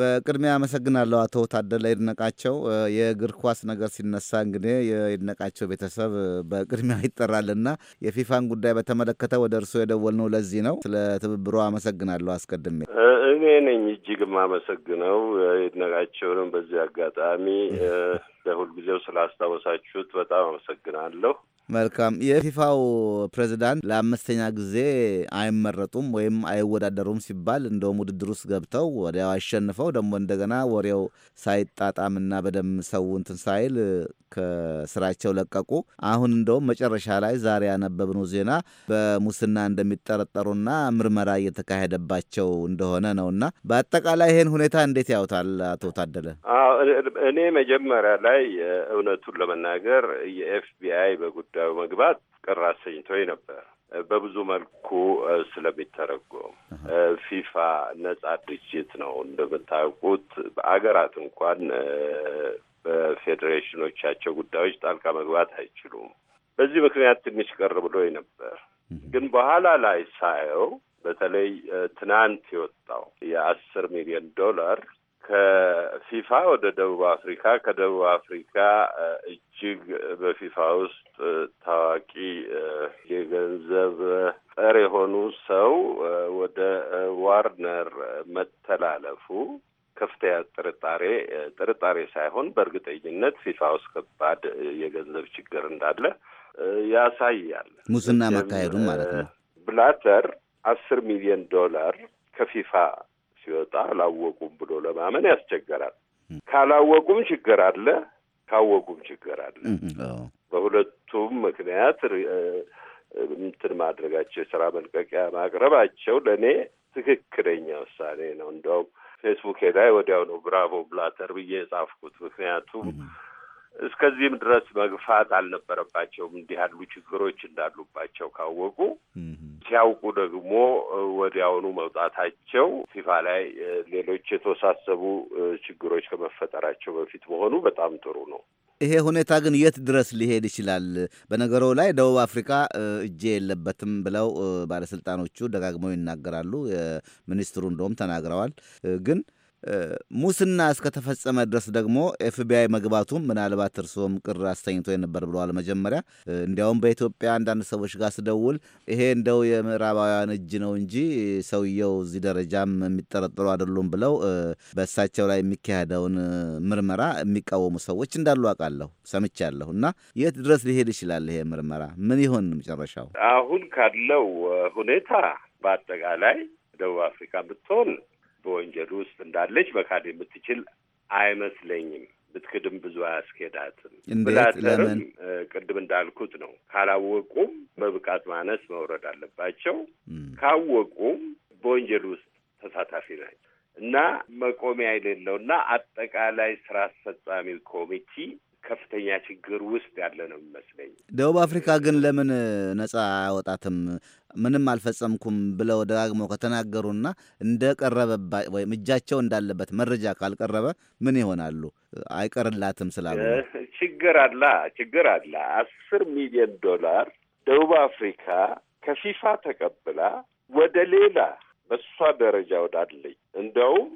በቅድሚያ አመሰግናለሁ አቶ ታደለ ይድነቃቸው። የእግር ኳስ ነገር ሲነሳ እንግዲህ የይድነቃቸው ቤተሰብ በቅድሚያ ይጠራልና የፊፋን ጉዳይ በተመለከተ ወደ እርስዎ የደወልነው ለዚህ ነው። ስለ ትብብሮ አመሰግናለሁ። አስቀድሜ እኔ ነኝ እጅግ የማመሰግነው ይድነቃቸውንም በዚህ አጋጣሚ ለሁልጊዜው ስላስታወሳችሁት በጣም አመሰግናለሁ። መልካም። የፊፋው ፕሬዚዳንት ለአምስተኛ ጊዜ አይመረጡም ወይም አይወዳደሩም ሲባል እንደውም ውድድር ውስጥ ገብተው ወዲያው አሸንፈው ደግሞ እንደገና ወሬው ሳይጣጣምና በደም ሰው እንትን ሳይል ከስራቸው ለቀቁ። አሁን እንደውም መጨረሻ ላይ ዛሬ ያነበብነው ዜና በሙስና እንደሚጠረጠሩና ምርመራ እየተካሄደባቸው እንደሆነ እና በአጠቃላይ ይህን ሁኔታ እንዴት ያውታል አቶ ታደለ? እኔ መጀመሪያ ላይ እውነቱን ለመናገር የኤፍቢአይ በጉዳይ መግባት ቅር አሰኝቶኝ ነበር። በብዙ መልኩ ስለሚተረጎም ፊፋ ነጻ ድርጅት ነው እንደምታውቁት። በአገራት እንኳን በፌዴሬሽኖቻቸው ጉዳዮች ጣልቃ መግባት አይችሉም። በዚህ ምክንያት ትንሽ ቅር ብሎኝ ነበር። ግን በኋላ ላይ ሳየው በተለይ ትናንት የወጣው የአስር ሚሊዮን ዶላር ከፊፋ ወደ ደቡብ አፍሪካ ከደቡብ አፍሪካ እጅግ በፊፋ ውስጥ ታዋቂ የገንዘብ ጠር የሆኑ ሰው ወደ ዋርነር መተላለፉ ከፍተኛ ጥርጣሬ ጥርጣሬ ሳይሆን በእርግጠኝነት ፊፋ ውስጥ ከባድ የገንዘብ ችግር እንዳለ ያሳያል። ሙስና መካሄዱም ማለት ነው። ብላተር አስር ሚሊዮን ዶላር ከፊፋ ሲወጣ አላወቁም ብሎ ለማመን ያስቸገራል። ካላወቁም ችግር አለ፣ ካወቁም ችግር አለ። በሁለቱም ምክንያት እንትን ማድረጋቸው የስራ መልቀቂያ ማቅረባቸው ለእኔ ትክክለኛ ውሳኔ ነው። እንደውም ፌስቡኬ ላይ ወዲያው ነው ብራቮ ብላተር ብዬ የጻፍኩት። ምክንያቱም እስከዚህም ድረስ መግፋት አልነበረባቸውም። እንዲህ ያሉ ችግሮች እንዳሉባቸው ካወቁ ሲያውቁ ደግሞ ወዲያውኑ መውጣታቸው ፊፋ ላይ ሌሎች የተወሳሰቡ ችግሮች ከመፈጠራቸው በፊት መሆኑ በጣም ጥሩ ነው። ይሄ ሁኔታ ግን የት ድረስ ሊሄድ ይችላል? በነገሮ ላይ ደቡብ አፍሪካ እጄ የለበትም ብለው ባለስልጣኖቹ ደጋግመው ይናገራሉ። ሚኒስትሩ እንደውም ተናግረዋል። ግን ሙስና እስከተፈጸመ ድረስ ደግሞ ኤፍቢአይ መግባቱም ምናልባት እርስዎም ቅር አስተኝቶ የነበር ብለዋል። መጀመሪያ እንዲያውም በኢትዮጵያ አንዳንድ ሰዎች ጋር ስደውል ይሄ እንደው የምዕራባውያን እጅ ነው እንጂ ሰውየው እዚህ ደረጃም የሚጠረጠሩ አይደሉም ብለው በእሳቸው ላይ የሚካሄደውን ምርመራ የሚቃወሙ ሰዎች እንዳሉ አውቃለሁ፣ ሰምቻለሁ። እና የት ድረስ ሊሄድ ይችላል ይሄ ምርመራ? ምን ይሆን መጨረሻው? አሁን ካለው ሁኔታ በአጠቃላይ ደቡብ አፍሪካ ብትሆን በወንጀል ውስጥ እንዳለች መካድ የምትችል አይመስለኝም። ብትክድም ብዙ አያስኬዳትም። ብላተርም ቅድም እንዳልኩት ነው። ካላወቁም በብቃት ማነስ መውረድ አለባቸው። ካወቁም በወንጀል ውስጥ ተሳታፊ ናቸው እና መቆሚያ የሌለው እና አጠቃላይ ስራ አስፈጻሚ ኮሚቲ ከፍተኛ ችግር ውስጥ ያለ ነው የሚመስለኝ። ደቡብ አፍሪካ ግን ለምን ነጻ አያወጣትም? ምንም አልፈጸምኩም ብለው ደጋግመው ከተናገሩና እንደቀረበባ ወይም እጃቸው እንዳለበት መረጃ ካልቀረበ ምን ይሆናሉ? አይቀርላትም ስላሉ ችግር አላ ችግር አላ አስር ሚሊዮን ዶላር ደቡብ አፍሪካ ከፊፋ ተቀብላ ወደ ሌላ በእሷ ደረጃ ወዳለኝ እንደውም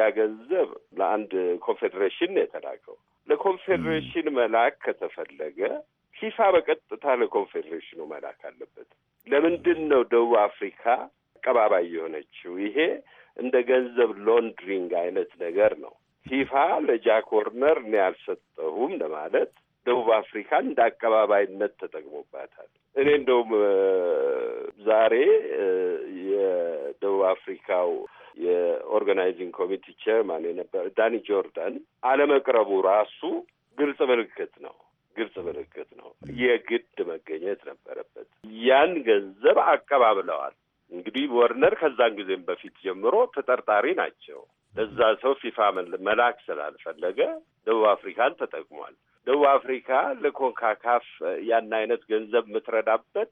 ያገንዘብ ለአንድ ኮንፌዴሬሽን ነው የተላከው ለኮንፌዴሬሽን መላክ ከተፈለገ ፊፋ በቀጥታ ለኮንፌዴሬሽኑ መላክ አለበት። ለምንድን ነው ደቡብ አፍሪካ አቀባባይ የሆነችው? ይሄ እንደ ገንዘብ ሎንድሪንግ አይነት ነገር ነው። ፊፋ ለጃክ ወርነር እኔ አልሰጠሁም ለማለት ደቡብ አፍሪካ እንደ አቀባባይነት ተጠቅሞባታል። እኔ እንደውም ዛሬ የደቡብ አፍሪካው የኦርጋናይዚንግ ኮሚቴ ቸርማን የነበረ ዳኒ ጆርዳን አለመቅረቡ ራሱ ግልጽ ምልክት ነው። ግልጽ ምልክት ነው። የግድ መገኘት ነበረበት። ያን ገንዘብ አቀባብለዋል። እንግዲህ ወርነር ከዛን ጊዜም በፊት ጀምሮ ተጠርጣሪ ናቸው። ለዛ ሰው ፊፋ መላክ ስላልፈለገ ደቡብ አፍሪካን ተጠቅሟል። ደቡብ አፍሪካ ለኮንካካፍ ያን አይነት ገንዘብ የምትረዳበት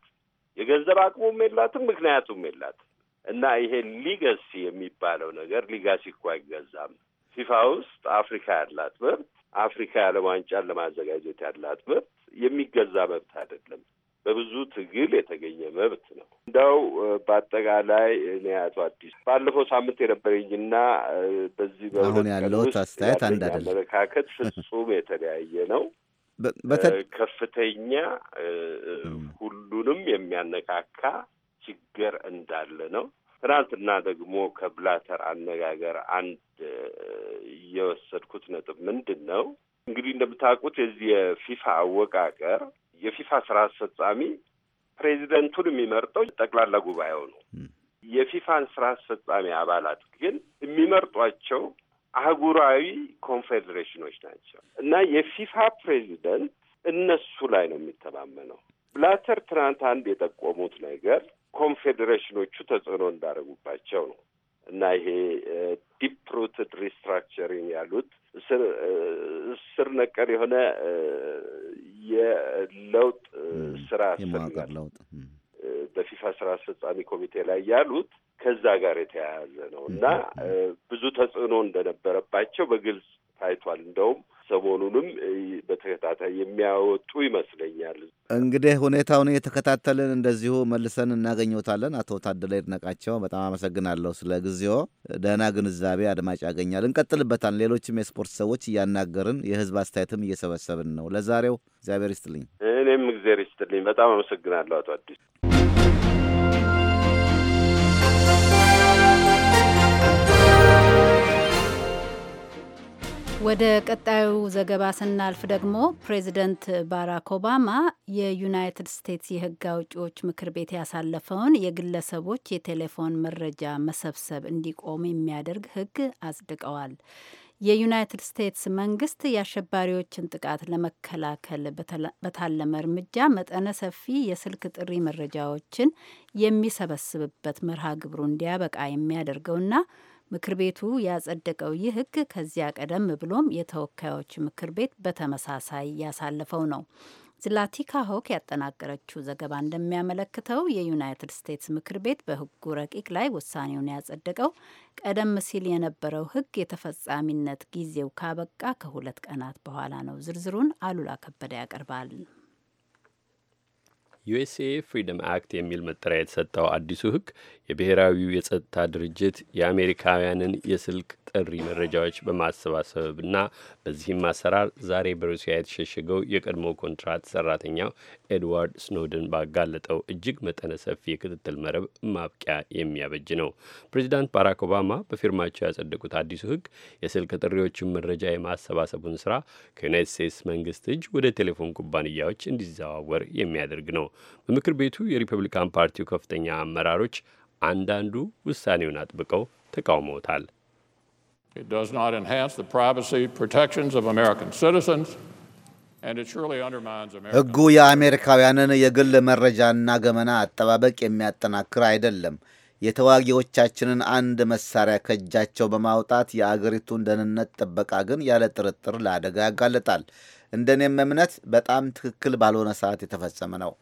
የገንዘብ አቅሙም የላትም፣ ምክንያቱም የላትም እና ይሄ ሊገሲ የሚባለው ነገር ሊጋሲ እኮ አይገዛም። ፊፋ ውስጥ አፍሪካ ያላት መብት አፍሪካ የዓለም ዋንጫን ለማዘጋጀት ያላት መብት የሚገዛ መብት አይደለም። በብዙ ትግል የተገኘ መብት ነው። እንደው በአጠቃላይ እኔ አቶ አዲስ ባለፈው ሳምንት የነበረኝና በዚህ በሁን ያለሁት አስተያየት አንድ አይደለም፣ አመለካከት ፍጹም የተለያየ ነው። ከፍተኛ ሁሉንም የሚያነካካ ችግር እንዳለ ነው። ትናንትና ደግሞ ከብላተር አነጋገር አንድ የወሰድኩት ነጥብ ምንድን ነው እንግዲህ እንደምታውቁት የዚህ የፊፋ አወቃቀር የፊፋ ስራ አስፈጻሚ ፕሬዚደንቱን የሚመርጠው ጠቅላላ ጉባኤው ነው። የፊፋን ስራ አስፈጻሚ አባላት ግን የሚመርጧቸው አህጉራዊ ኮንፌዴሬሽኖች ናቸው እና የፊፋ ፕሬዚደንት እነሱ ላይ ነው የሚተማመነው። ብላተር ትናንት አንድ የጠቆሙት ነገር ኮንፌዴሬሽኖቹ ተጽዕኖ እንዳደረጉባቸው ነው። እና ይሄ ዲፕ ሩትድ ሪስትራክቸሪንግ ያሉት ስር ነቀል የሆነ የለውጥ ስራ ለውጥ በፊፋ ስራ አስፈጻሚ ኮሚቴ ላይ ያሉት ከዛ ጋር የተያያዘ ነው እና ብዙ ተጽዕኖ እንደነበረባቸው በግልጽ ታይቷል። እንደውም ሰሞኑንም በተከታታይ የሚያወጡ ይመስለኛል። እንግዲህ ሁኔታውን እየተከታተልን እንደዚሁ መልሰን እናገኘታለን። አቶ ታደለ ይድነቃቸው በጣም አመሰግናለሁ ስለ ጊዜዎ። ደህና ግንዛቤ አድማጭ ያገኛል። እንቀጥልበታል። ሌሎችም የስፖርት ሰዎች እያናገርን የህዝብ አስተያየትም እየሰበሰብን ነው። ለዛሬው እግዚአብሔር ይስጥልኝ። እኔም እግዚአብሔር ይስጥልኝ። በጣም አመሰግናለሁ አቶ አዲስ ወደ ቀጣዩ ዘገባ ስናልፍ ደግሞ ፕሬዚደንት ባራክ ኦባማ የዩናይትድ ስቴትስ የሕግ አውጪዎች ምክር ቤት ያሳለፈውን የግለሰቦች የቴሌፎን መረጃ መሰብሰብ እንዲቆም የሚያደርግ ሕግ አጽድቀዋል። የዩናይትድ ስቴትስ መንግስት የአሸባሪዎችን ጥቃት ለመከላከል በታለመ እርምጃ መጠነ ሰፊ የስልክ ጥሪ መረጃዎችን የሚሰበስብበት መርሃ ግብሩ እንዲያበቃ የሚያደርገውና ምክር ቤቱ ያጸደቀው ይህ ህግ ከዚያ ቀደም ብሎም የተወካዮች ምክር ቤት በተመሳሳይ ያሳለፈው ነው። ዝላቲካ ሆክ ያጠናቀረችው ዘገባ እንደሚያመለክተው የዩናይትድ ስቴትስ ምክር ቤት በህጉ ረቂቅ ላይ ውሳኔውን ያጸደቀው ቀደም ሲል የነበረው ህግ የተፈጻሚነት ጊዜው ካበቃ ከሁለት ቀናት በኋላ ነው። ዝርዝሩን አሉላ ከበደ ያቀርባል። ዩኤስኤ ፍሪደም አክት የሚል መጠሪያ የተሰጠው አዲሱ ህግ የብሔራዊው የጸጥታ ድርጅት የአሜሪካውያንን የስልክ ጥሪ መረጃዎች በማሰባሰብና በዚህም አሰራር ዛሬ በሩሲያ የተሸሸገው የቀድሞ ኮንትራት ሰራተኛው ኤድዋርድ ስኖደን ባጋለጠው እጅግ መጠነ ሰፊ የክትትል መረብ ማብቂያ የሚያበጅ ነው። ፕሬዚዳንት ባራክ ኦባማ በፊርማቸው ያጸደቁት አዲሱ ሕግ የስልክ ጥሪዎችን መረጃ የማሰባሰቡን ስራ ከዩናይት ስቴትስ መንግስት እጅ ወደ ቴሌፎን ኩባንያዎች እንዲዘዋወር የሚያደርግ ነው። በምክር ቤቱ የሪፐብሊካን ፓርቲው ከፍተኛ አመራሮች አንዳንዱ ውሳኔውን አጥብቀው ተቃውመውታል። ሕጉ የአሜሪካውያንን የግል መረጃና ገመና አጠባበቅ የሚያጠናክር አይደለም። የተዋጊዎቻችንን አንድ መሳሪያ ከእጃቸው በማውጣት የአገሪቱን ደህንነት ጥበቃ ግን ያለ ጥርጥር ለአደጋ ያጋልጣል። እንደኔም እምነት በጣም ትክክል ባልሆነ ሰዓት የተፈጸመ ነው።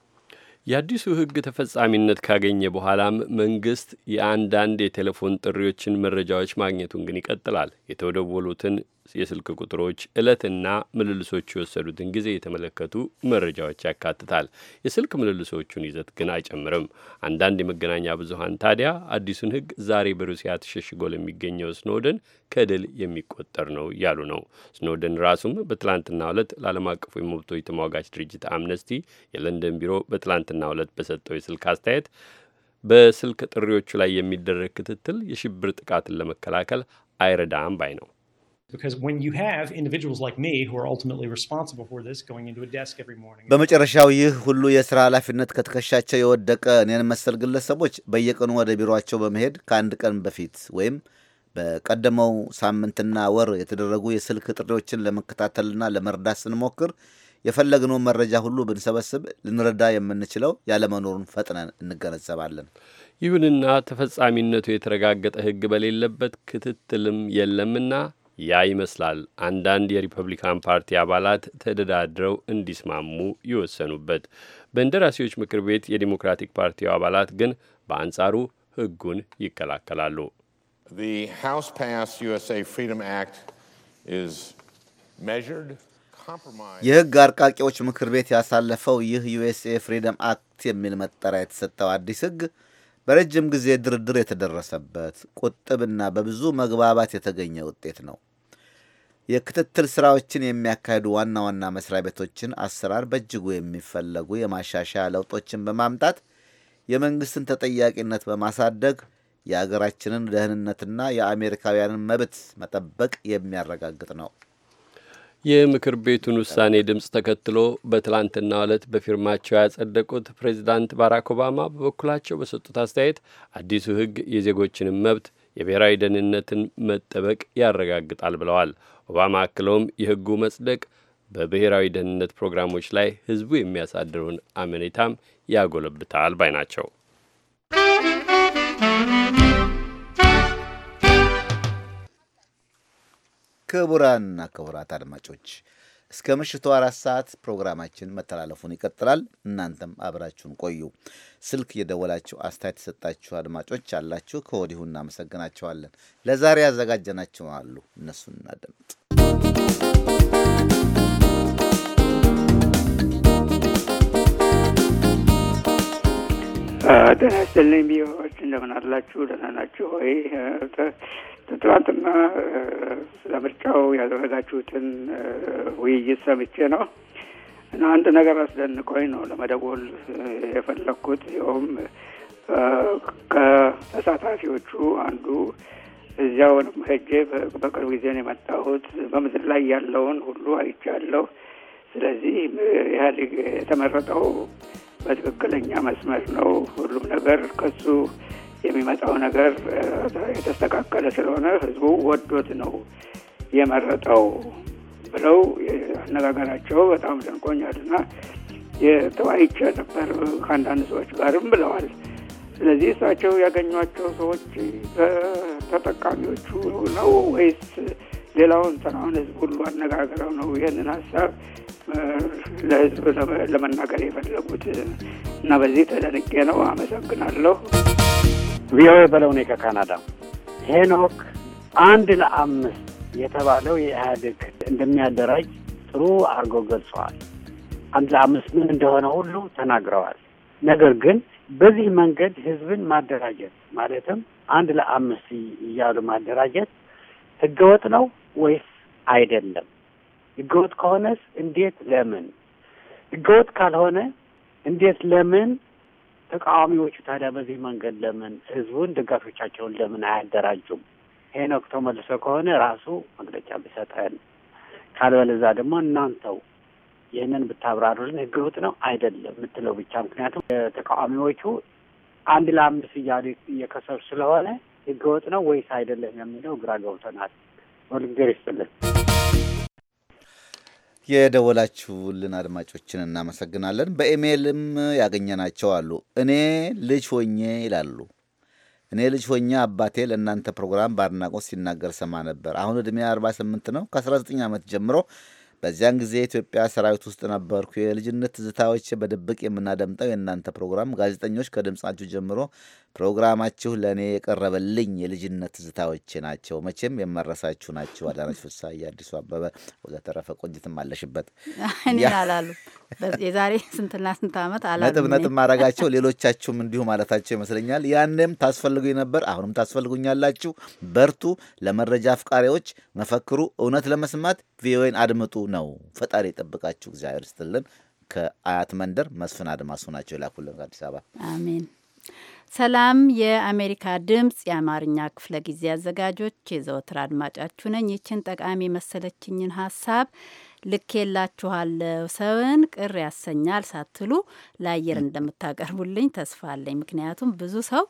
የአዲሱ ሕግ ተፈጻሚነት ካገኘ በኋላም መንግስት የአንዳንድ የቴሌፎን ጥሪዎችን መረጃዎች ማግኘቱን ግን ይቀጥላል። የተወደወሉትን። የስልክ ቁጥሮች፣ ዕለትና ምልልሶቹ የወሰዱትን ጊዜ የተመለከቱ መረጃዎች ያካትታል። የስልክ ምልልሶቹን ይዘት ግን አይጨምርም። አንዳንድ የመገናኛ ብዙሀን ታዲያ አዲሱን ሕግ ዛሬ በሩሲያ ተሸሽጎ ለሚገኘው ስኖደን ከድል የሚቆጠር ነው ያሉ ነው። ስኖደን ራሱም በትላንትና ዕለት ለዓለም አቀፉ የመብቶች ተሟጋች ድርጅት አምነስቲ የለንደን ቢሮ በትላንትና ዕለት በሰጠው የስልክ አስተያየት በስልክ ጥሪዎቹ ላይ የሚደረግ ክትትል የሽብር ጥቃትን ለመከላከል አይረዳም ባይ ነው። በመጨረሻው ይህ ሁሉ የሥራ ኃላፊነት ከትከሻቸው የወደቀ እኔን መሰል ግለሰቦች በየቀኑ ወደ ቢሮቸው በመሄድ ከአንድ ቀን በፊት ወይም በቀደመው ሳምንትና ወር የተደረጉ የስልክ ጥሪዎችን ለመከታተልና ለመርዳት ስንሞክር የፈለግነውን መረጃ ሁሉ ብንሰበስብ ልንረዳ የምንችለው ያለመኖሩን ፈጥነን እንገነዘባለን። ይሁንና ተፈጻሚነቱ የተረጋገጠ ሕግ በሌለበት ክትትልም የለምና ያ ይመስላል አንዳንድ የሪፐብሊካን ፓርቲ አባላት ተደራድረው እንዲስማሙ ይወሰኑበት። በእንደራሴዎች ምክር ቤት የዲሞክራቲክ ፓርቲው አባላት ግን በአንጻሩ ሕጉን ይከላከላሉ። የሕግ አርቃቂዎች ምክር ቤት ያሳለፈው ይህ ዩኤስኤ ፍሪደም አክት የሚል መጠሪያ የተሰጠው አዲስ ሕግ በረጅም ጊዜ ድርድር የተደረሰበት ቁጥብና በብዙ መግባባት የተገኘ ውጤት ነው። የክትትል ስራዎችን የሚያካሂዱ ዋና ዋና መስሪያ ቤቶችን አሰራር በእጅጉ የሚፈለጉ የማሻሻያ ለውጦችን በማምጣት የመንግስትን ተጠያቂነት በማሳደግ የአገራችንን ደህንነትና የአሜሪካውያንን መብት መጠበቅ የሚያረጋግጥ ነው። የምክር ቤቱን ውሳኔ ድምፅ ተከትሎ በትላንትና ዕለት በፊርማቸው ያጸደቁት ፕሬዚዳንት ባራክ ኦባማ በበኩላቸው በሰጡት አስተያየት አዲሱ ህግ የዜጎችንም መብት የብሔራዊ ደህንነትን መጠበቅ ያረጋግጣል ብለዋል። ኦባማ አክለውም የሕጉ መጽደቅ በብሔራዊ ደህንነት ፕሮግራሞች ላይ ህዝቡ የሚያሳድረውን አመኔታም ያጎለብታል ባይ ናቸው። ክቡራንና ክቡራት አድማጮች እስከ ምሽቱ አራት ሰዓት ፕሮግራማችን መተላለፉን ይቀጥላል። እናንተም አብራችሁን ቆዩ። ስልክ የደወላችሁ አስተያየት የሰጣችሁ አድማጮች አላችሁ፣ ከወዲሁ እናመሰግናቸዋለን። ለዛሬ ያዘጋጀናቸው አሉ፣ እነሱን እናደምጥ። ጤና ይስጥልኝ ቢዎች እንደምን አላችሁ? ደህና ናችሁ ወይ? ትናንትና ስለ ምርጫው ያደረጋችሁትን ውይይት ሰምቼ ነው እና አንድ ነገር አስደንቆኝ ነው ለመደወል የፈለግኩት። ይኸውም ከተሳታፊዎቹ አንዱ እዚያውንም ሄጄ በቅርብ ጊዜ ነው የመጣሁት፣ በምድር ላይ ያለውን ሁሉ አይቻለሁ። ስለዚህ ኢህአዴግ የተመረጠው በትክክለኛ መስመር ነው። ሁሉም ነገር ከሱ የሚመጣው ነገር የተስተካከለ ስለሆነ ህዝቡ ወዶት ነው የመረጠው ብለው አነጋገራቸው በጣም ደንቆኛልና የተወያይቼ ነበር ከአንዳንድ ሰዎች ጋርም ብለዋል። ስለዚህ እሳቸው ያገኟቸው ሰዎች ተጠቃሚዎቹ ነው ወይስ ሌላውን ስራውን ህዝብ ሁሉ አነጋግረው ነው ይህንን ሀሳብ ለህዝብ ለመናገር የፈለጉት እና በዚህ ተደንቄ ነው። አመሰግናለሁ። ቪኦኤ በለው ነኝ ከካናዳ ሄኖክ አንድ ለአምስት የተባለው የኢህአዴግ እንደሚያደራጅ ጥሩ አርገው ገልጸዋል። አንድ ለአምስት ምን እንደሆነ ሁሉ ተናግረዋል። ነገር ግን በዚህ መንገድ ህዝብን ማደራጀት ማለትም አንድ ለአምስት እያሉ ማደራጀት ህገወጥ ነው ወይስ አይደለም? ህገወጥ ከሆነስ እንዴት ለምን? ህገወጥ ካልሆነ እንዴት ለምን? ተቃዋሚዎቹ ታዲያ በዚህ መንገድ ለምን ህዝቡን ደጋፊዎቻቸውን ለምን አያደራጁም? ሄኖክ ተመልሶ ከሆነ ራሱ መግለጫ ቢሰጠን፣ ካልበለዛ ደግሞ እናንተው ይህንን ብታብራሩልን ህገወጥ ነው አይደለም የምትለው ብቻ። ምክንያቱም ተቃዋሚዎቹ አንድ ለአምስት እያሉ እየከሰሩ ስለሆነ ህገወጥ ነው ወይስ አይደለም የሚለው ግራ ገብቶናል። ወልግር ይስጥልን። የደወላችሁልን አድማጮችን እናመሰግናለን። በኢሜይልም ያገኘናቸው አሉ። እኔ ልጅ ሆኜ ይላሉ። እኔ ልጅ ሆኜ አባቴ ለእናንተ ፕሮግራም በአድናቆት ሲናገር ሰማ ነበር። አሁን ዕድሜ 48 ነው። ከ19 ዓመት ጀምሮ በዚያን ጊዜ ኢትዮጵያ ሰራዊት ውስጥ ነበርኩ። የልጅነት ትዝታዎች በድብቅ የምናደምጠው የእናንተ ፕሮግራም ጋዜጠኞች ከድምፃችሁ ጀምሮ ፕሮግራማችሁ ለእኔ የቀረበልኝ የልጅነት ዝታዎች ናቸው። መቼም የመረሳችሁ ናቸው አዳነች ፍሳ፣ አዲሱ አበበ ወዘተረፈ። ቆንጅትም አለሽበት። እኔን አላሉ የዛሬ ስንትና ስንት ዓመት አላ ነጥብ ነጥብ ማድረጋቸው ሌሎቻችሁም እንዲሁ ማለታቸው ይመስለኛል። ያንም ታስፈልጉኝ ነበር፣ አሁንም ታስፈልጉኛላችሁ። በርቱ። ለመረጃ አፍቃሪዎች መፈክሩ እውነት ለመስማት ቪኦኤን አድምጡ ነው። ፈጣሪ የጠብቃችሁ እግዚአብሔር ስትልን ከአያት መንደር መስፍን አድማሱ ናቸው የላኩልን ከአዲስ አበባ አሜን። ሰላም የአሜሪካ ድምፅ የአማርኛ ክፍለ ጊዜ አዘጋጆች የዘወትር አድማጫችሁ ነኝ። ይችን ጠቃሚ መሰለችኝን ሀሳብ ልኬላችኋለሁ። ሰውን ቅር ያሰኛል ሳትሉ ለአየር እንደምታቀርቡልኝ ተስፋ አለኝ። ምክንያቱም ብዙ ሰው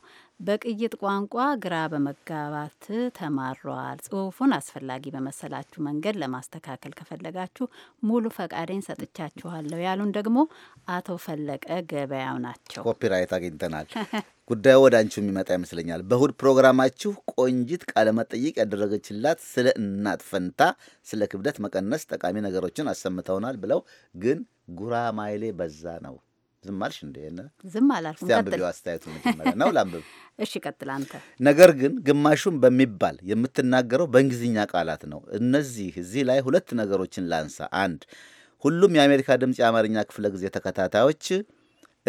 በቅይጥ ቋንቋ ግራ በመጋባት ተማሯል። ጽሁፉን አስፈላጊ በመሰላችሁ መንገድ ለማስተካከል ከፈለጋችሁ ሙሉ ፈቃዴን ሰጥቻችኋለሁ ያሉን ደግሞ አቶ ፈለቀ ገበያው ናቸው። ኮፒራይት አግኝተናል። ጉዳዩ ወደ አንቺ የሚመጣ ይመስለኛል። በእሁድ ፕሮግራማችሁ ቆንጂት ቃለመጠይቅ ያደረገችላት ስለ እናት ፈንታ፣ ስለ ክብደት መቀነስ ጠቃሚ ነገሮችን አሰምተውናል ብለው ግን ጉራማይሌ በዛ ነው ዝም አልሽ እንደ ዝም አላልኩም። እስቲ አስተያየቱ መጀመሪያ ነው ላንብብ። እሺ ቀጥል አንተ። ነገር ግን ግማሹን በሚባል የምትናገረው በእንግሊዝኛ ቃላት ነው። እነዚህ እዚህ ላይ ሁለት ነገሮችን ላንሳ። አንድ ሁሉም የአሜሪካ ድምፅ የአማርኛ ክፍለ ጊዜ ተከታታዮች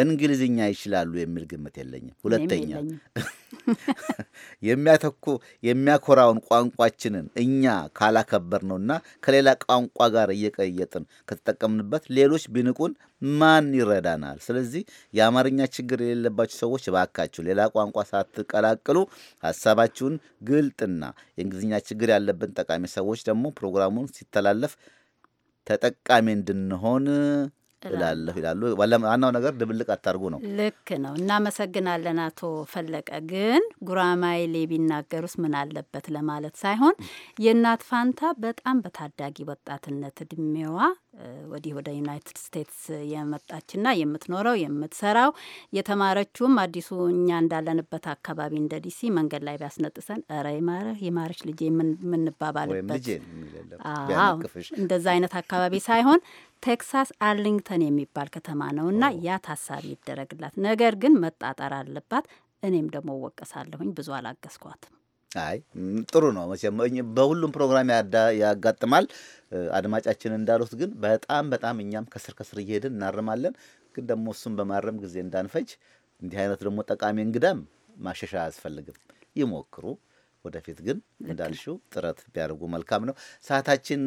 እንግሊዝኛ ይችላሉ የሚል ግምት የለኝም። ሁለተኛ የሚያተኩ የሚያኮራውን ቋንቋችንን እኛ ካላከበር ነውና ከሌላ ቋንቋ ጋር እየቀየጥን ከተጠቀምንበት ሌሎች ቢንቁን ማን ይረዳናል? ስለዚህ የአማርኛ ችግር የሌለባችሁ ሰዎች እባካችሁ ሌላ ቋንቋ ሳትቀላቅሉ ሀሳባችሁን ግልጥና የእንግሊዝኛ ችግር ያለብን ጠቃሚ ሰዎች ደግሞ ፕሮግራሙን ሲተላለፍ ተጠቃሚ እንድንሆን እላለሁ ይላሉ። ዋናው ነገር ድብልቅ አታርጉ ነው። ልክ ነው። እናመሰግናለን አቶ ፈለቀ። ግን ጉራማይሌ ቢናገሩስ ምን አለበት ለማለት ሳይሆን የእናት ፋንታ በጣም በታዳጊ ወጣትነት እድሜዋ ወዲህ ወደ ዩናይትድ ስቴትስ የመጣችና የምትኖረው የምትሰራው የተማረችውም አዲሱ እኛ እንዳለንበት አካባቢ እንደ ዲሲ መንገድ ላይ ቢያስነጥሰን ረ ማረ የማረች ልጅ የምንባባልበት እንደዛ አይነት አካባቢ ሳይሆን ቴክሳስ አርሊንግተን የሚባል ከተማ ነው እና ያ ታሳቢ ይደረግላት። ነገር ግን መጣጠር አለባት። እኔም ደግሞ ወቀሳለሁኝ ብዙ አላገስኳትም። አይ ጥሩ ነው መቼም በሁሉም ፕሮግራም ያጋጥማል። አድማጫችን እንዳሉት ግን በጣም በጣም እኛም ከስር ከስር እየሄድን እናርማለን። ግን ደግሞ እሱን በማረም ጊዜ እንዳንፈጅ፣ እንዲህ አይነት ደግሞ ጠቃሚ እንግዳም ማሸሻ አያስፈልግም። ይሞክሩ። ወደፊት ግን እንዳልሽው ጥረት ቢያደርጉ መልካም ነው። ሰዓታችን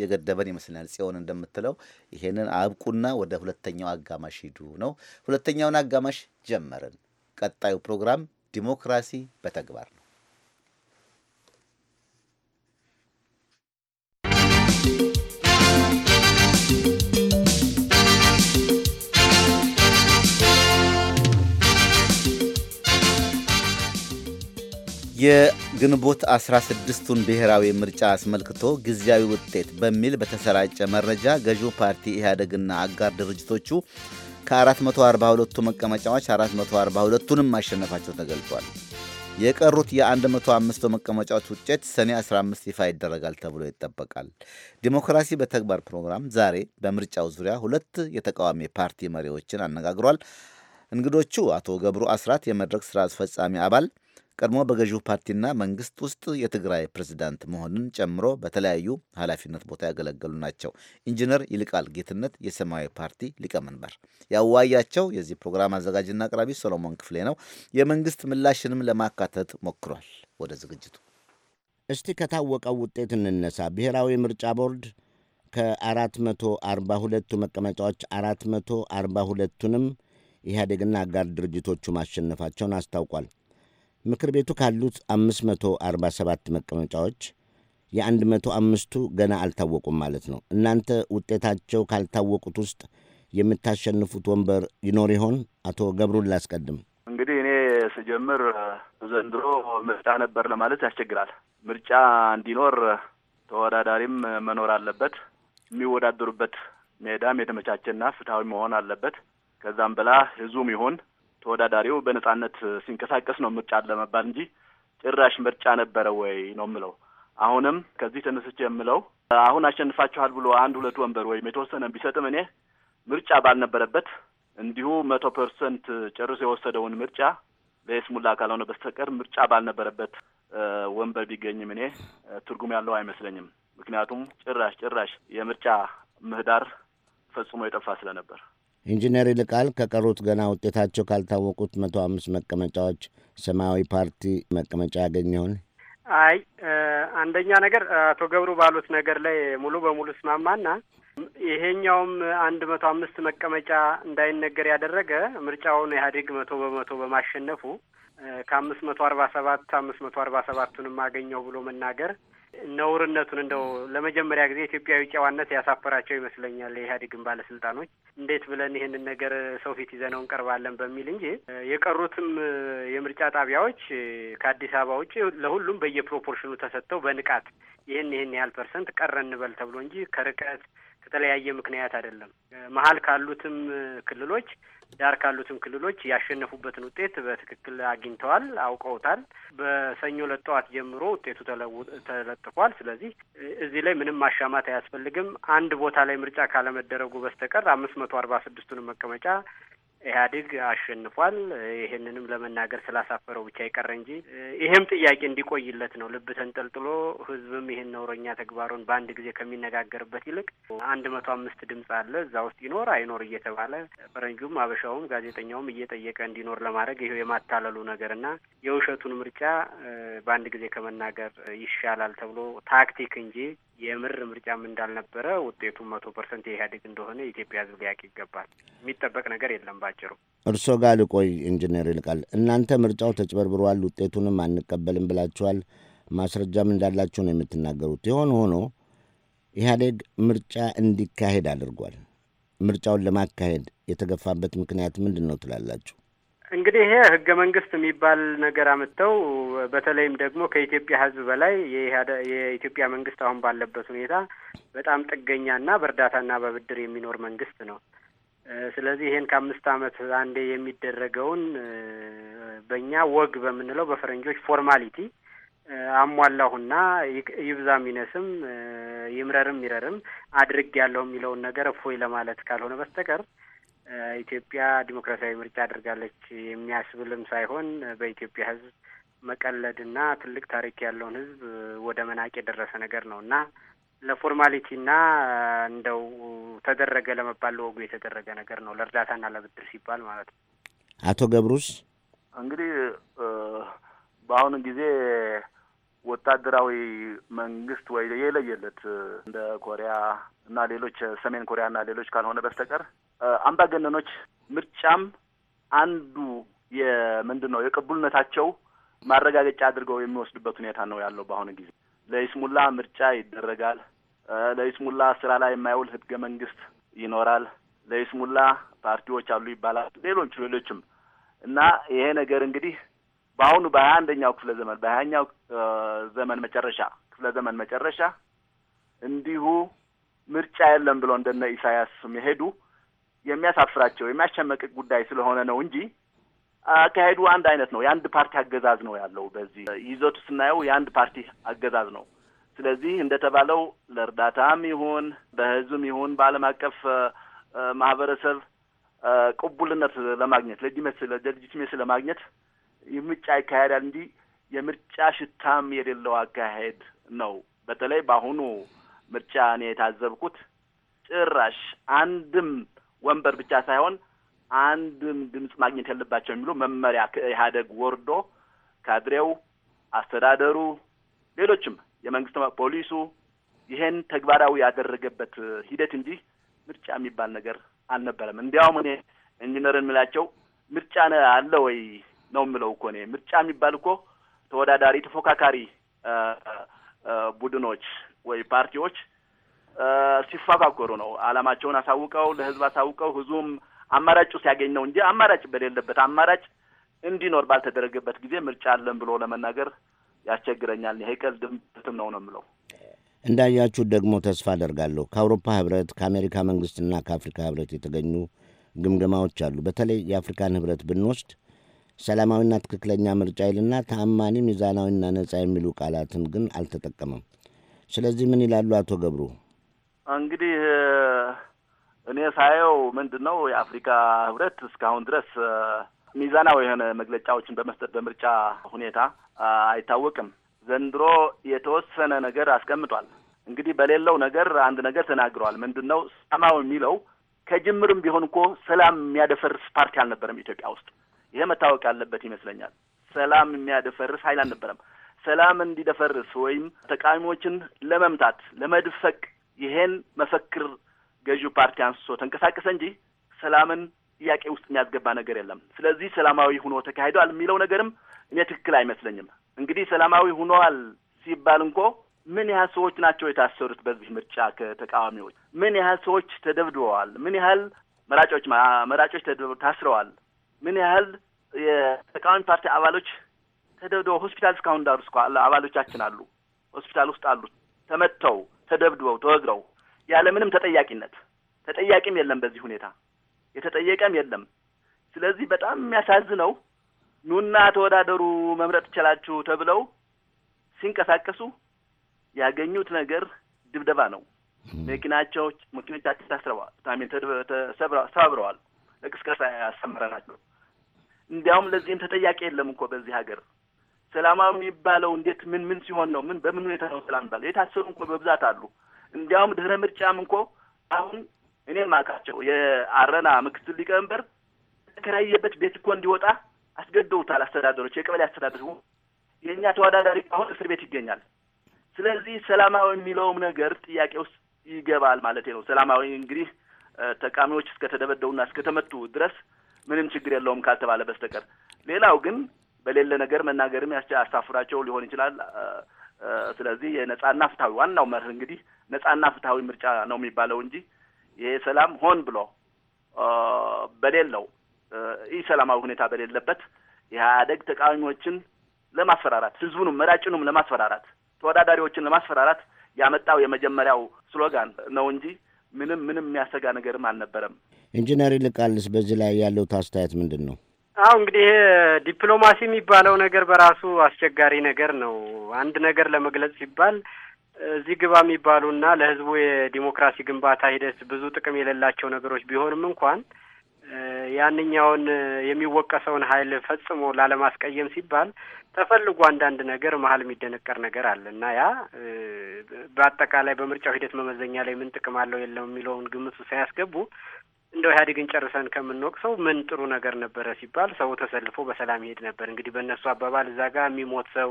የገደበን ይመስልናል። ጽዮን እንደምትለው ይሄንን አብቁና ወደ ሁለተኛው አጋማሽ ሂዱ ነው። ሁለተኛውን አጋማሽ ጀመርን። ቀጣዩ ፕሮግራም ዲሞክራሲ በተግባር ነው። የግንቦት 16ቱን ብሔራዊ ምርጫ አስመልክቶ ጊዜያዊ ውጤት በሚል በተሰራጨ መረጃ ገዢው ፓርቲ ኢህአደግና አጋር ድርጅቶቹ ከ442ቱ መቀመጫዎች 442ቱንም ማሸነፋቸው ተገልጧል። የቀሩት የ105 መቀመጫዎች ውጤት ሰኔ 15 ይፋ ይደረጋል ተብሎ ይጠበቃል። ዲሞክራሲ በተግባር ፕሮግራም ዛሬ በምርጫው ዙሪያ ሁለት የተቃዋሚ ፓርቲ መሪዎችን አነጋግሯል። እንግዶቹ አቶ ገብሩ አስራት የመድረክ ስራ አስፈጻሚ አባል ቀድሞ በገዢው ፓርቲና መንግስት ውስጥ የትግራይ ፕሬዚዳንት መሆኑን ጨምሮ በተለያዩ ኃላፊነት ቦታ ያገለገሉ ናቸው። ኢንጂነር ይልቃል ጌትነት የሰማያዊ ፓርቲ ሊቀመንበር፣ ያዋያቸው የዚህ ፕሮግራም አዘጋጅና አቅራቢ ሶሎሞን ክፍሌ ነው። የመንግስት ምላሽንም ለማካተት ሞክሯል። ወደ ዝግጅቱ እስቲ ከታወቀው ውጤት እንነሳ። ብሔራዊ ምርጫ ቦርድ ከ442ቱ መቀመጫዎች 442 ሁለቱንም ኢህአዴግና አጋር ድርጅቶቹ ማሸነፋቸውን አስታውቋል። ምክር ቤቱ ካሉት 547 መቀመጫዎች የ መቶ አምስቱ ገና አልታወቁም ማለት ነው። እናንተ ውጤታቸው ካልታወቁት ውስጥ የምታሸንፉት ወንበር ይኖር ይሆን? አቶ ገብሩን ላስቀድም። እንግዲህ እኔ ስጀምር ዘንድሮ ምርጫ ነበር ለማለት ያስቸግራል። ምርጫ እንዲኖር ተወዳዳሪም መኖር አለበት። የሚወዳደሩበት ሜዳም የተመቻቸና ፍትሐዊ መሆን አለበት። ከዛም በላ ህዝቡም ይሁን ተወዳዳሪው በነጻነት ሲንቀሳቀስ ነው ምርጫ ለመባል እንጂ ጭራሽ ምርጫ ነበረ ወይ ነው የምለው። አሁንም ከዚህ ተነስቼ የምለው አሁን አሸንፋችኋል ብሎ አንድ ሁለት ወንበር ወይም የተወሰነ ቢሰጥም እኔ ምርጫ ባልነበረበት እንዲሁ መቶ ፐርሰንት ጨርሶ የወሰደውን ምርጫ ለይስሙላ ካልሆነ በስተቀር ምርጫ ባልነበረበት ወንበር ቢገኝም እኔ ትርጉም ያለው አይመስለኝም። ምክንያቱም ጭራሽ ጭራሽ የምርጫ ምህዳር ፈጽሞ የጠፋ ስለነበር ኢንጂነር ይልቃል ከቀሩት ገና ውጤታቸው ካልታወቁት መቶ አምስት መቀመጫዎች ሰማያዊ ፓርቲ መቀመጫ ያገኘ ይሆን? አይ አንደኛ ነገር አቶ ገብሩ ባሉት ነገር ላይ ሙሉ በሙሉ እስማማና ይሄኛውም አንድ መቶ አምስት መቀመጫ እንዳይነገር ያደረገ ምርጫውን ኢህአዴግ መቶ በመቶ በማሸነፉ ከአምስት መቶ አርባ ሰባት አምስት መቶ አርባ ሰባቱንም አገኘው ብሎ መናገር ነውርነቱን እንደው ለመጀመሪያ ጊዜ ኢትዮጵያዊ ጨዋነት ያሳፈራቸው ይመስለኛል የኢህአዴግን ባለስልጣኖች እንዴት ብለን ይህንን ነገር ሰው ፊት ይዘነው እንቀርባለን በሚል እንጂ የቀሩትም የምርጫ ጣቢያዎች ከአዲስ አበባ ውጭ ለሁሉም በየፕሮፖርሽኑ ተሰጥተው በንቃት ይህን ይህን ያህል ፐርሰንት ቀረ እንበል ተብሎ እንጂ ከርቀት ከተለያየ ምክንያት አይደለም። መሀል ካሉትም ክልሎች ዳር ካሉትም ክልሎች ያሸነፉበትን ውጤት በትክክል አግኝተዋል፣ አውቀውታል። በሰኞ ዕለት ጠዋት ጀምሮ ውጤቱ ተለጥፏል። ስለዚህ እዚህ ላይ ምንም ማሻማት አያስፈልግም። አንድ ቦታ ላይ ምርጫ ካለመደረጉ በስተቀር አምስት መቶ አርባ ስድስቱንም መቀመጫ ኢህአዴግ አሸንፏል። ይሄንንም ለመናገር ስላሳፈረው ብቻ ይቀረ እንጂ ይህም ጥያቄ እንዲቆይለት ነው ልብ ተንጠልጥሎ ህዝብም ይህን ነውረኛ ተግባሩን በአንድ ጊዜ ከሚነጋገርበት ይልቅ አንድ መቶ አምስት ድምፅ አለ እዛ ውስጥ ይኖር አይኖር እየተባለ ፈረንጁም አበሻውም ጋዜጠኛውም እየጠየቀ እንዲኖር ለማድረግ ይሄው የማታለሉ ነገር እና የውሸቱን ምርጫ በአንድ ጊዜ ከመናገር ይሻላል ተብሎ ታክቲክ እንጂ የምር ምርጫም እንዳልነበረ ውጤቱ መቶ ፐርሰንት የኢህአዴግ እንደሆነ የኢትዮጵያ ህዝብ ሊያውቅ ይገባል። የሚጠበቅ ነገር የለም። ባጭሩ እርስዎ ጋር ልቆይ። ኢንጂነር ይልቃል፣ እናንተ ምርጫው ተጭበርብሯል፣ ውጤቱንም አንቀበልም ብላችኋል። ማስረጃም እንዳላችሁ ነው የምትናገሩት። የሆነ ሆኖ ኢህአዴግ ምርጫ እንዲካሄድ አድርጓል። ምርጫውን ለማካሄድ የተገፋበት ምክንያት ምንድን ነው ትላላችሁ? እንግዲህ ይሄ ህገ መንግስት የሚባል ነገር አምጥተው በተለይም ደግሞ ከኢትዮጵያ ህዝብ በላይ የኢትዮጵያ መንግስት አሁን ባለበት ሁኔታ በጣም ጥገኛና በእርዳታና በብድር የሚኖር መንግስት ነው። ስለዚህ ይሄን ከአምስት አመት አንዴ የሚደረገውን በእኛ ወግ በምንለው በፈረንጆች ፎርማሊቲ አሟላሁና ይብዛም ይነስም ይምረርም ይረርም አድርግ ያለው የሚለውን ነገር እፎይ ለማለት ካልሆነ በስተቀር ኢትዮጵያ ዲሞክራሲያዊ ምርጫ አድርጋለች የሚያስብልም ሳይሆን በኢትዮጵያ ህዝብ መቀለድና ትልቅ ታሪክ ያለውን ህዝብ ወደ መናቅ የደረሰ ነገር ነው እና ለፎርማሊቲና እንደው ተደረገ ለመባል ለወጉ የተደረገ ነገር ነው ለእርዳታና ለብድር ሲባል ማለት ነው። አቶ ገብሩስ እንግዲህ በአሁኑ ጊዜ ወታደራዊ መንግስት ወይ የለየለት እንደ ኮሪያ እና ሌሎች ሰሜን ኮሪያ እና ሌሎች ካልሆነ በስተቀር አምባገነኖች ምርጫም አንዱ የምንድን ነው የቅቡልነታቸው ማረጋገጫ አድርገው የሚወስዱበት ሁኔታ ነው ያለው በአሁኑ ጊዜ። ለይስሙላ ምርጫ ይደረጋል። ለይስሙላ ስራ ላይ የማይውል ህገ መንግስት ይኖራል። ለይስሙላ ፓርቲዎች አሉ ይባላል። ሌሎች ሌሎችም እና ይሄ ነገር እንግዲህ በአሁኑ በሀያ አንደኛው ክፍለ ዘመን በሀያኛው ዘመን መጨረሻ ክፍለ ዘመን መጨረሻ እንዲሁ ምርጫ የለም ብሎ እንደነ ኢሳያስ የሄዱ የሚያሳፍራቸው የሚያሸመቅቅ ጉዳይ ስለሆነ ነው እንጂ አካሄዱ አንድ አይነት ነው። የአንድ ፓርቲ አገዛዝ ነው ያለው። በዚህ ይዘቱ ስናየው የአንድ ፓርቲ አገዛዝ ነው። ስለዚህ እንደተባለው ለእርዳታም ይሁን በህዝብም ይሁን በዓለም አቀፍ ማህበረሰብ ቅቡልነት ለማግኘት ለዲመስ ለጀልጅትሜስ ለማግኘት ምርጫ ይካሄዳል እንጂ የምርጫ ሽታም የሌለው አካሄድ ነው። በተለይ በአሁኑ ምርጫ እኔ የታዘብኩት ጭራሽ አንድም ወንበር ብቻ ሳይሆን አንድም ድምፅ ማግኘት ያለባቸው የሚሉ መመሪያ ከኢህአደግ ወርዶ ካድሬው፣ አስተዳደሩ፣ ሌሎችም የመንግስት ፖሊሱ ይሄን ተግባራዊ ያደረገበት ሂደት እንጂ ምርጫ የሚባል ነገር አልነበረም። እንዲያውም እኔ ኢንጂነርን የምላቸው ምርጫ አለ ወይ ነው የምለው እኮ እኔ ምርጫ የሚባል እኮ ተወዳዳሪ ተፎካካሪ ቡድኖች ወይ ፓርቲዎች ሲፎካከሩ ነው። አላማቸውን አሳውቀው ለህዝብ አሳውቀው ህዝቡም አማራጩ ሲያገኝ ነው እንጂ አማራጭ በሌለበት አማራጭ እንዲኖር ባልተደረገበት ጊዜ ምርጫ አለን ብሎ ለመናገር ያስቸግረኛል። ይሄ ቀልድም ነው ነው የምለው። እንዳያችሁ ደግሞ ተስፋ አደርጋለሁ ከአውሮፓ ህብረት ከአሜሪካ መንግስትና ከአፍሪካ ህብረት የተገኙ ግምገማዎች አሉ። በተለይ የአፍሪካን ህብረት ብንወስድ ሰላማዊና ትክክለኛ ምርጫ ይልና ተአማኒ፣ ሚዛናዊና ነጻ የሚሉ ቃላትን ግን አልተጠቀመም። ስለዚህ ምን ይላሉ አቶ ገብሩ? እንግዲህ እኔ ሳየው ምንድን ነው የአፍሪካ ህብረት እስካሁን ድረስ ሚዛናዊ የሆነ መግለጫዎችን በመስጠት በምርጫ ሁኔታ አይታወቅም። ዘንድሮ የተወሰነ ነገር አስቀምጧል። እንግዲህ በሌለው ነገር አንድ ነገር ተናግረዋል። ምንድን ነው ሰላማዊ የሚለው ከጅምርም ቢሆን እኮ ሰላም የሚያደፈርስ ፓርቲ አልነበረም ኢትዮጵያ ውስጥ ይሄ መታወቅ ያለበት ይመስለኛል። ሰላም የሚያደፈርስ ኃይል አልነበረም። ሰላም እንዲደፈርስ ወይም ተቃዋሚዎችን ለመምታት ለመድፈቅ ይሄን መፈክር ገዢው ፓርቲ አንስቶ ተንቀሳቀሰ እንጂ ሰላምን ጥያቄ ውስጥ የሚያስገባ ነገር የለም። ስለዚህ ሰላማዊ ሁኖ ተካሂዷል የሚለው ነገርም እኔ ትክክል አይመስለኝም። እንግዲህ ሰላማዊ ሁኗል ሲባል እንኮ ምን ያህል ሰዎች ናቸው የታሰሩት? በዚህ ምርጫ ከተቃዋሚዎች ምን ያህል ሰዎች ተደብድበዋል? ምን ያህል መራጮች መራጮች ታስረዋል? ምን ያህል የተቃዋሚ ፓርቲ አባሎች ተደብድበው ሆስፒታል እስካሁን ዳሩ እስኳ አባሎቻችን አሉ፣ ሆስፒታል ውስጥ አሉ፣ ተመትተው ተደብድበው ተወግረው ያለምንም ተጠያቂነት። ተጠያቂም የለም፣ በዚህ ሁኔታ የተጠየቀም የለም። ስለዚህ በጣም የሚያሳዝነው ኑና ተወዳደሩ መምረጥ ይችላችሁ ተብለው ሲንቀሳቀሱ ያገኙት ነገር ድብደባ ነው። መኪናቸው መኪኖቻችን ተሰብረዋል፣ ሰባብረዋል። ለቅስቀሳ ናቸው እንዲያውም ለዚህም ተጠያቂ የለም እኮ በዚህ ሀገር ሰላማዊ የሚባለው እንዴት ምን ምን ሲሆን ነው? ምን በምን ሁኔታ ነው ሰላም የሚባለው? የታሰሩ እኮ በብዛት አሉ። እንዲያውም ድህረ ምርጫም እንኮ አሁን እኔ ማቃቸው የአረና ምክትል ሊቀመንበር ተከራየበት ቤት እኮ እንዲወጣ አስገደውታል አስተዳደሮች፣ የቀበሌ አስተዳደር። የእኛ ተወዳዳሪ አሁን እስር ቤት ይገኛል። ስለዚህ ሰላማዊ የሚለውም ነገር ጥያቄ ውስጥ ይገባል ማለት ነው። ሰላማዊ እንግዲህ ተቃሚዎች እስከተደበደቡና እስከተመቱ ድረስ ምንም ችግር የለውም ካልተባለ በስተቀር ሌላው ግን በሌለ ነገር መናገርም ያስታፍራቸው ሊሆን ይችላል። ስለዚህ የነጻና ፍትሐዊ ዋናው መርህ እንግዲህ ነጻና ፍትሐዊ ምርጫ ነው የሚባለው እንጂ ይሄ ሰላም ሆን ብሎ በሌለው ይህ ሰላማዊ ሁኔታ በሌለበት የኢህአደግ ተቃዋሚዎችን ለማስፈራራት ህዝቡንም መራጭንም ለማስፈራራት ተወዳዳሪዎችን ለማስፈራራት ያመጣው የመጀመሪያው ስሎጋን ነው እንጂ ምንም ምንም የሚያሰጋ ነገርም አልነበረም። ኢንጂነር ይልቃልስ በዚህ ላይ ያለው አስተያየት ምንድን ነው? አሁ እንግዲህ ዲፕሎማሲ የሚባለው ነገር በራሱ አስቸጋሪ ነገር ነው። አንድ ነገር ለመግለጽ ሲባል እዚህ ግባ የሚባሉና ለህዝቡ የዲሞክራሲ ግንባታ ሂደት ብዙ ጥቅም የሌላቸው ነገሮች ቢሆንም እንኳን ያንኛውን የሚወቀሰውን ኃይል ፈጽሞ ላለማስቀየም ሲባል ተፈልጎ አንዳንድ ነገር መሀል የሚደነቀር ነገር አለ እና ያ በአጠቃላይ በምርጫው ሂደት መመዘኛ ላይ ምን ጥቅም አለው የለም የሚለውን ግምቱ ሳያስገቡ እንደው ኢህአዴግን ጨርሰን ከምንወቅሰው ምን ጥሩ ነገር ነበረ ሲባል ሰው ተሰልፎ በሰላም ይሄድ ነበር። እንግዲህ በእነሱ አባባል እዛ ጋር የሚሞት ሰው፣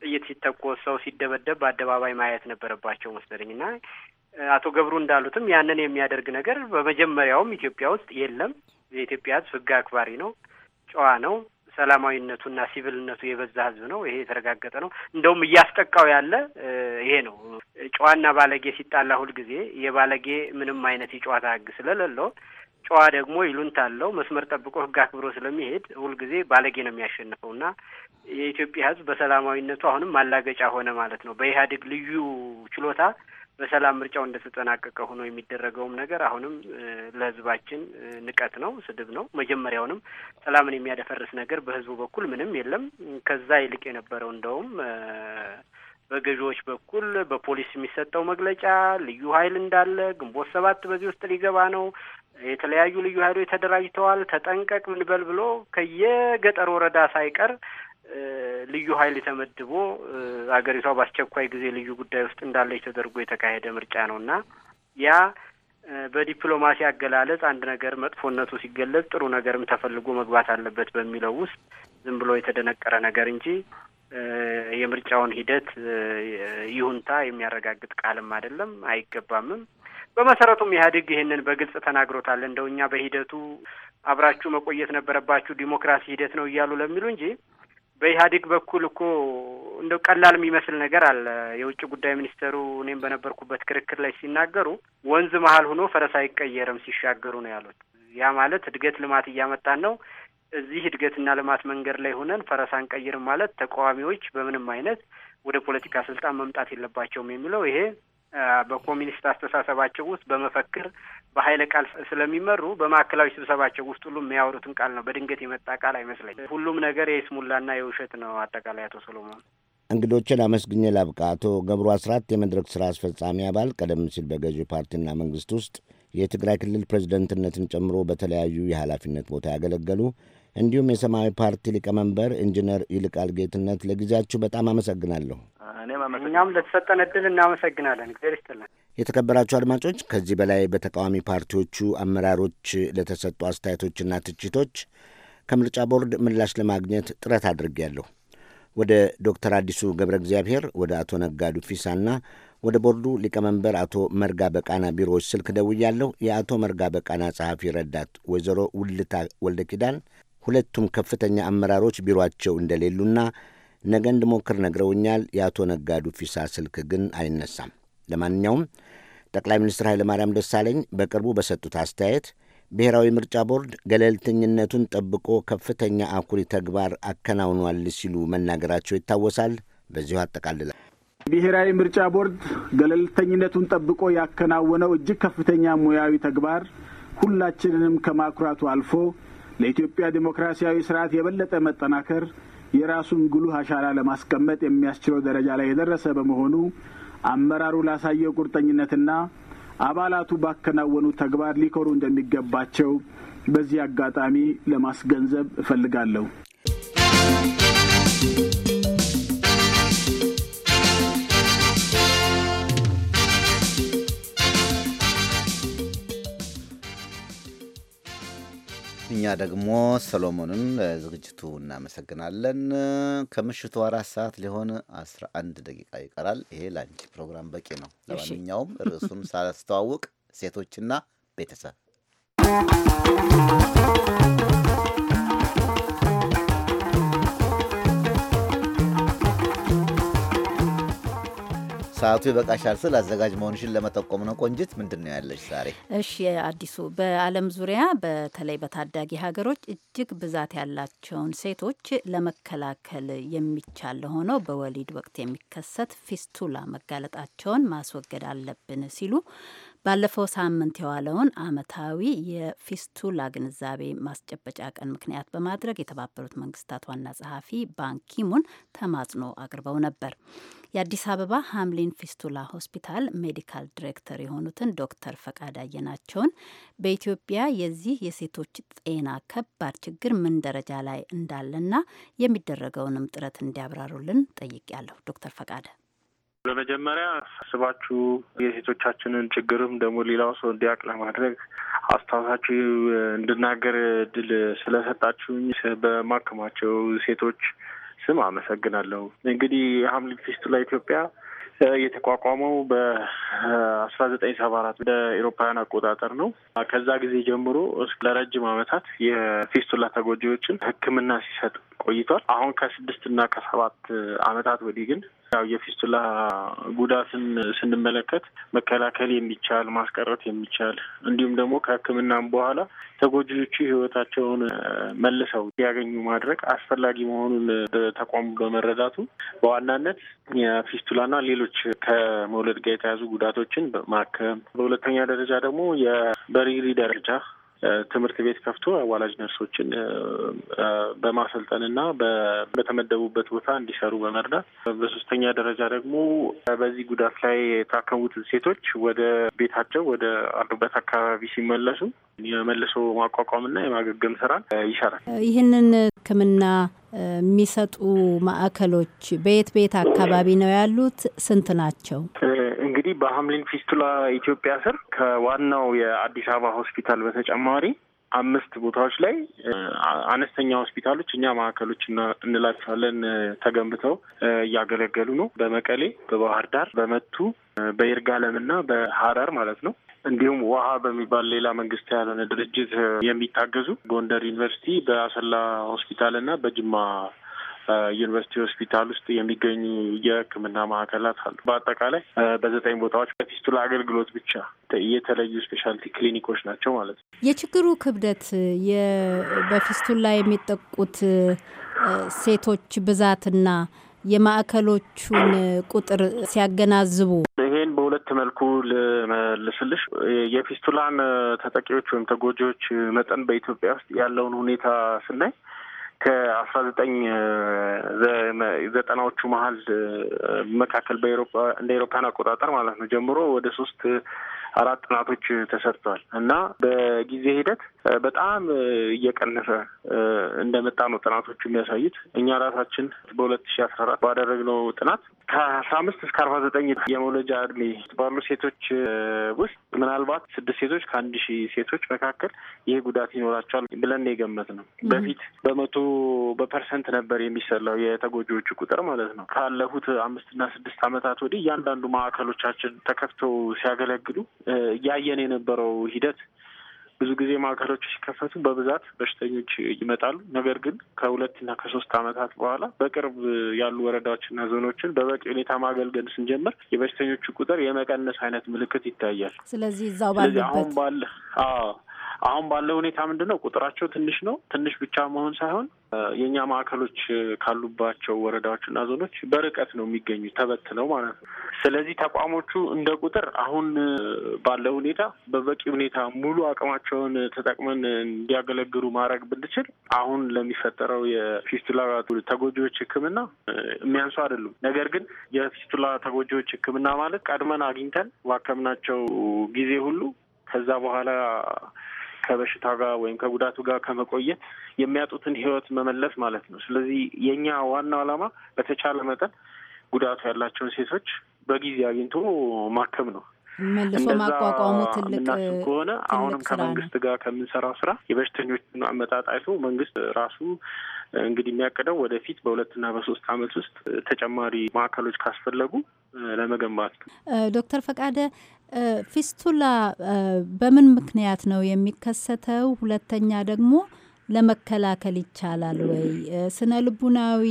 ጥይት ሲተኮስ ሰው ሲደበደብ በአደባባይ ማየት ነበረባቸው መሰለኝ እና አቶ ገብሩ እንዳሉትም ያንን የሚያደርግ ነገር በመጀመሪያውም ኢትዮጵያ ውስጥ የለም። የኢትዮጵያ ህዝብ ህግ አክባሪ ነው፣ ጨዋ ነው። ሰላማዊነቱና ሲቪልነቱ የበዛ ህዝብ ነው። ይሄ የተረጋገጠ ነው። እንደውም እያስጠቃው ያለ ይሄ ነው። ጨዋና ባለጌ ሲጣላ ሁልጊዜ የባለጌ ምንም አይነት የጨዋታ ህግ ስለሌለው ጨዋ ደግሞ ይሉኝታ አለው መስመር ጠብቆ ህግ አክብሮ ስለሚሄድ ሁልጊዜ ባለጌ ነው የሚያሸንፈው እና የኢትዮጵያ ህዝብ በሰላማዊነቱ አሁንም ማላገጫ ሆነ ማለት ነው። በኢህአዴግ ልዩ ችሎታ በሰላም ምርጫው እንደተጠናቀቀ ሆኖ የሚደረገውም ነገር አሁንም ለህዝባችን ንቀት ነው፣ ስድብ ነው። መጀመሪያውንም ሰላምን የሚያደፈርስ ነገር በህዝቡ በኩል ምንም የለም። ከዛ ይልቅ የነበረው እንደውም በገዢዎች በኩል በፖሊስ የሚሰጠው መግለጫ ልዩ ኃይል እንዳለ ግንቦት ሰባት በዚህ ውስጥ ሊገባ ነው፣ የተለያዩ ልዩ ኃይሎች ተደራጅተዋል፣ ተጠንቀቅ ምንበል ብሎ ከየገጠር ወረዳ ሳይቀር ልዩ ኃይል ተመድቦ አገሪቷ በአስቸኳይ ጊዜ ልዩ ጉዳይ ውስጥ እንዳለች ተደርጎ የተካሄደ ምርጫ ነው እና ያ በዲፕሎማሲ አገላለጽ አንድ ነገር መጥፎነቱ ሲገለጽ ጥሩ ነገርም ተፈልጎ መግባት አለበት በሚለው ውስጥ ዝም ብሎ የተደነቀረ ነገር እንጂ የምርጫውን ሂደት ይሁንታ የሚያረጋግጥ ቃልም አይደለም፣ አይገባምም። በመሰረቱም ኢህአዴግ ይህንን በግልጽ ተናግሮታል። እንደው እኛ በሂደቱ አብራችሁ መቆየት ነበረባችሁ ዲሞክራሲ ሂደት ነው እያሉ ለሚሉ እንጂ በኢህአዴግ በኩል እኮ እንደው ቀላል የሚመስል ነገር አለ። የውጭ ጉዳይ ሚኒስትሩ እኔም በነበርኩበት ክርክር ላይ ሲናገሩ ወንዝ መሀል ሆኖ ፈረስ አይቀየርም ሲሻገሩ ነው ያሉት። ያ ማለት እድገት ልማት እያመጣን ነው እዚህ እድገትና ልማት መንገድ ላይ ሆነን ፈረሳን አንቀይርም ማለት ተቃዋሚዎች በምንም አይነት ወደ ፖለቲካ ስልጣን መምጣት የለባቸውም የሚለው ይሄ በኮሚኒስት አስተሳሰባቸው ውስጥ በመፈክር በኃይለ ቃል ስለሚመሩ በማዕከላዊ ስብሰባቸው ውስጥ ሁሉም የሚያወሩትን ቃል ነው። በድንገት የመጣ ቃል አይመስለኝ። ሁሉም ነገር የስሙላና የውሸት ነው። አጠቃላይ አቶ ሰሎሞን እንግዶችን አመስግኜ ላብቃ። አቶ ገብሩ አስራት የመድረክ ስራ አስፈጻሚ አባል፣ ቀደም ሲል በገዢ ፓርቲና መንግስት ውስጥ የትግራይ ክልል ፕሬዚደንትነትን ጨምሮ በተለያዩ የኃላፊነት ቦታ ያገለገሉ እንዲሁም የሰማያዊ ፓርቲ ሊቀመንበር ኢንጂነር ይልቃል ጌትነት ለጊዜያችሁ በጣም አመሰግናለሁ። እኛም ለተሰጠን እድል እናመሰግናለን። እግዚአብሔር ይስጥልን። የተከበራችሁ አድማጮች ከዚህ በላይ በተቃዋሚ ፓርቲዎቹ አመራሮች ለተሰጡ አስተያየቶችና ትችቶች ከምርጫ ቦርድ ምላሽ ለማግኘት ጥረት አድርጌያለሁ። ወደ ዶክተር አዲሱ ገብረ እግዚአብሔር፣ ወደ አቶ ነጋዱ ፊሳና ወደ ቦርዱ ሊቀመንበር አቶ መርጋ በቃና ቢሮዎች ስልክ ደውያለሁ። የአቶ መርጋ በቃና ጸሐፊ ረዳት ወይዘሮ ውልታ ወልደ ኪዳን ሁለቱም ከፍተኛ አመራሮች ቢሯቸው እንደሌሉና ነገ እንድሞክር ነግረውኛል። የአቶ ነጋዱ ፊሳ ስልክ ግን አይነሳም። ለማንኛውም ጠቅላይ ሚኒስትር ኃይለማርያም ደሳለኝ በቅርቡ በሰጡት አስተያየት ብሔራዊ ምርጫ ቦርድ ገለልተኝነቱን ጠብቆ ከፍተኛ አኩሪ ተግባር አከናውኗል ሲሉ መናገራቸው ይታወሳል። በዚሁ አጠቃልላል። ብሔራዊ ምርጫ ቦርድ ገለልተኝነቱን ጠብቆ ያከናወነው እጅግ ከፍተኛ ሙያዊ ተግባር ሁላችንንም ከማኩራቱ አልፎ ለኢትዮጵያ ዴሞክራሲያዊ ስርዓት የበለጠ መጠናከር የራሱን ጉልህ አሻራ ለማስቀመጥ የሚያስችለው ደረጃ ላይ የደረሰ በመሆኑ አመራሩ ላሳየው ቁርጠኝነትና አባላቱ ባከናወኑ ተግባር ሊኮሩ እንደሚገባቸው በዚህ አጋጣሚ ለማስገንዘብ እፈልጋለሁ። እኛ ደግሞ ሰሎሞንን ለዝግጅቱ እናመሰግናለን። ከምሽቱ አራት ሰዓት ሊሆን 11 ደቂቃ ይቀራል። ይሄ ለአንቺ ፕሮግራም በቂ ነው። ለማንኛውም ርዕሱን ሳላስተዋውቅ ሴቶችና ቤተሰብ ሰዓቱ ይበቃሻል ስል አዘጋጅ መሆንሽን ለመጠቆም ነው። ቆንጅት ምንድን ነው ያለሽ ዛሬ? እሺ አዲሱ፣ በዓለም ዙሪያ በተለይ በታዳጊ ሀገሮች እጅግ ብዛት ያላቸውን ሴቶች ለመከላከል የሚቻል ለሆነው በወሊድ ወቅት የሚከሰት ፊስቱላ መጋለጣቸውን ማስወገድ አለብን ሲሉ ባለፈው ሳምንት የዋለውን ዓመታዊ የፊስቱላ ግንዛቤ ማስጨበጫ ቀን ምክንያት በማድረግ የተባበሩት መንግስታት ዋና ጸሐፊ ባንኪሙን ተማጽኖ አቅርበው ነበር። የአዲስ አበባ ሀምሊን ፊስቱላ ሆስፒታል ሜዲካል ዲሬክተር የሆኑትን ዶክተር ፈቃድ አየናቸውን በኢትዮጵያ የዚህ የሴቶች ጤና ከባድ ችግር ምን ደረጃ ላይ እንዳለና የሚደረገውንም ጥረት እንዲያብራሩልን ጠይቄያለሁ። ዶክተር ፈቃደ በመጀመሪያ አስባችሁ የሴቶቻችንን ችግርም ደግሞ ሌላው ሰው እንዲያውቅ ለማድረግ አስታውሳችሁ እንድናገር እድል ስለሰጣችሁኝ በማከማቸው ሴቶች ስም አመሰግናለሁ። እንግዲህ ሀምሊት ፊስቱላ ኢትዮጵያ የተቋቋመው በአስራ ዘጠኝ ሰባ አራት እንደ ኤሮፓውያን አቆጣጠር ነው። ከዛ ጊዜ ጀምሮ ለረጅም ዓመታት የፊስቱላ ተጎጂዎችን ሕክምና ሲሰጥ ቆይቷል። አሁን ከስድስት እና ከሰባት ዓመታት ወዲህ ግን ያው የፊስቱላ ጉዳትን ስንመለከት መከላከል የሚቻል ማስቀረት የሚቻል እንዲሁም ደግሞ ከሕክምናም በኋላ ተጎጂዎቹ ህይወታቸውን መልሰው ያገኙ ማድረግ አስፈላጊ መሆኑን ተቋሙ በመረዳቱ በዋናነት የፊስቱላና ሌሎች ከመውለድ ጋር የተያዙ ጉዳቶችን ማከም፣ በሁለተኛ ደረጃ ደግሞ የበሪሪ ደረጃ ትምህርት ቤት ከፍቶ አዋላጅ ነርሶችን በማሰልጠንና በተመደቡበት ቦታ እንዲሰሩ በመርዳት በሶስተኛ ደረጃ ደግሞ በዚህ ጉዳት ላይ የታከሙት ሴቶች ወደ ቤታቸው ወደ አሉበት አካባቢ ሲመለሱ የመልሶ ማቋቋምና የማገገም ስራ ይሰራል። ይህንን ሕክምና የሚሰጡ ማዕከሎች በየት በየት አካባቢ ነው ያሉት? ስንት ናቸው? እንግዲህ በሀምሊን ፊስቱላ ኢትዮጵያ ስር ከዋናው የአዲስ አበባ ሆስፒታል በተጨማሪ አምስት ቦታዎች ላይ አነስተኛ ሆስፒታሎች እኛ ማዕከሎች እንላቸዋለን ተገንብተው እያገለገሉ ነው። በመቀሌ፣ በባህር ዳር፣ በመቱ፣ በይርጋለም እና በሀረር ማለት ነው። እንዲሁም ውሃ በሚባል ሌላ መንግስት ያልሆነ ድርጅት የሚታገዙ ጎንደር ዩኒቨርሲቲ በአሰላ ሆስፒታል እና በጅማ ዩኒቨርሲቲ ሆስፒታል ውስጥ የሚገኙ የሕክምና ማዕከላት አሉ። በአጠቃላይ በዘጠኝ ቦታዎች በፊስቱላ አገልግሎት ብቻ የተለዩ ስፔሻልቲ ክሊኒኮች ናቸው ማለት ነው። የችግሩ ክብደት በፊስቱላ የሚጠቁት ሴቶች ብዛትና የማዕከሎቹን ቁጥር ሲያገናዝቡ ይሄን በሁለት መልኩ ልመልስልሽ። የፊስቱላን ተጠቂዎች ወይም ተጎጂዎች መጠን በኢትዮጵያ ውስጥ ያለውን ሁኔታ ስናይ ከአስራ ዘጠኝ ዘጠናዎቹ መሀል መካከል በኤሮፓ እንደ ኤሮፓን አቆጣጠር ማለት ነው ጀምሮ ወደ ሶስት አራት ጥናቶች ተሰርተዋል እና በጊዜ ሂደት በጣም እየቀነሰ እንደመጣ ነው ጥናቶቹ የሚያሳዩት። እኛ ራሳችን በሁለት ሺ አስራ አራት ባደረግነው ጥናት ከአስራ አምስት እስከ አርባ ዘጠኝ የመውለጃ እድሜ ባሉ ሴቶች ውስጥ ምናልባት ስድስት ሴቶች ከአንድ ሺህ ሴቶች መካከል ይህ ጉዳት ይኖራቸዋል ብለን የገመት ነው። በፊት በመቶ በፐርሰንት ነበር የሚሰላው የተጎጂዎቹ ቁጥር ማለት ነው። ካለፉት አምስትና ስድስት ዓመታት ወዲህ እያንዳንዱ ማዕከሎቻችን ተከፍተው ሲያገለግሉ እያየን የነበረው ሂደት ብዙ ጊዜ ማዕከሎች ሲከፈቱ በብዛት በሽተኞች ይመጣሉ። ነገር ግን ከሁለትና ከሶስት ዓመታት በኋላ በቅርብ ያሉ ወረዳዎችና ዞኖችን በበቂ ሁኔታ ማገልገል ስንጀምር የበሽተኞቹ ቁጥር የመቀነስ አይነት ምልክት ይታያል። ስለዚህ እዛው ባለበት አሁን ባለ አሁን ባለው ሁኔታ ምንድን ነው ቁጥራቸው ትንሽ ነው። ትንሽ ብቻ መሆን ሳይሆን የእኛ ማዕከሎች ካሉባቸው እና ዞኖች በርቀት ነው የሚገኙ ተበትነው ማለት ነው። ስለዚህ ተቋሞቹ እንደ ቁጥር አሁን ባለው ሁኔታ በበቂ ሁኔታ ሙሉ አቅማቸውን ተጠቅመን እንዲያገለግሉ ማድረግ ብንችል አሁን ለሚፈጠረው የፊስቱላ ተጎጂዎች ሕክምና የሚያንሱ አይደሉም። ነገር ግን የፊስቱላ ተጎጂዎች ሕክምና ማለት ቀድመን አግኝተን ባከምናቸው ጊዜ ሁሉ ከዛ በኋላ ከበሽታ ጋር ወይም ከጉዳቱ ጋር ከመቆየት የሚያጡትን ህይወት መመለስ ማለት ነው። ስለዚህ የእኛ ዋናው ዓላማ በተቻለ መጠን ጉዳቱ ያላቸውን ሴቶች በጊዜ አግኝቶ ማከም ነው። መልሶ ማቋቋሙ ትልቅ ከሆነ አሁንም ከመንግስት ጋር ከምንሰራው ስራ የበሽተኞችን አመጣጥ አይቶ መንግስት ራሱ እንግዲህ የሚያቅደው ወደፊት በሁለትና በሶስት አመት ውስጥ ተጨማሪ ማዕከሎች ካስፈለጉ ለመገንባት ዶክተር ፈቃደ ፊስቱላ በምን ምክንያት ነው የሚከሰተው? ሁለተኛ ደግሞ ለመከላከል ይቻላል ወይ? ስነ ልቡናዊ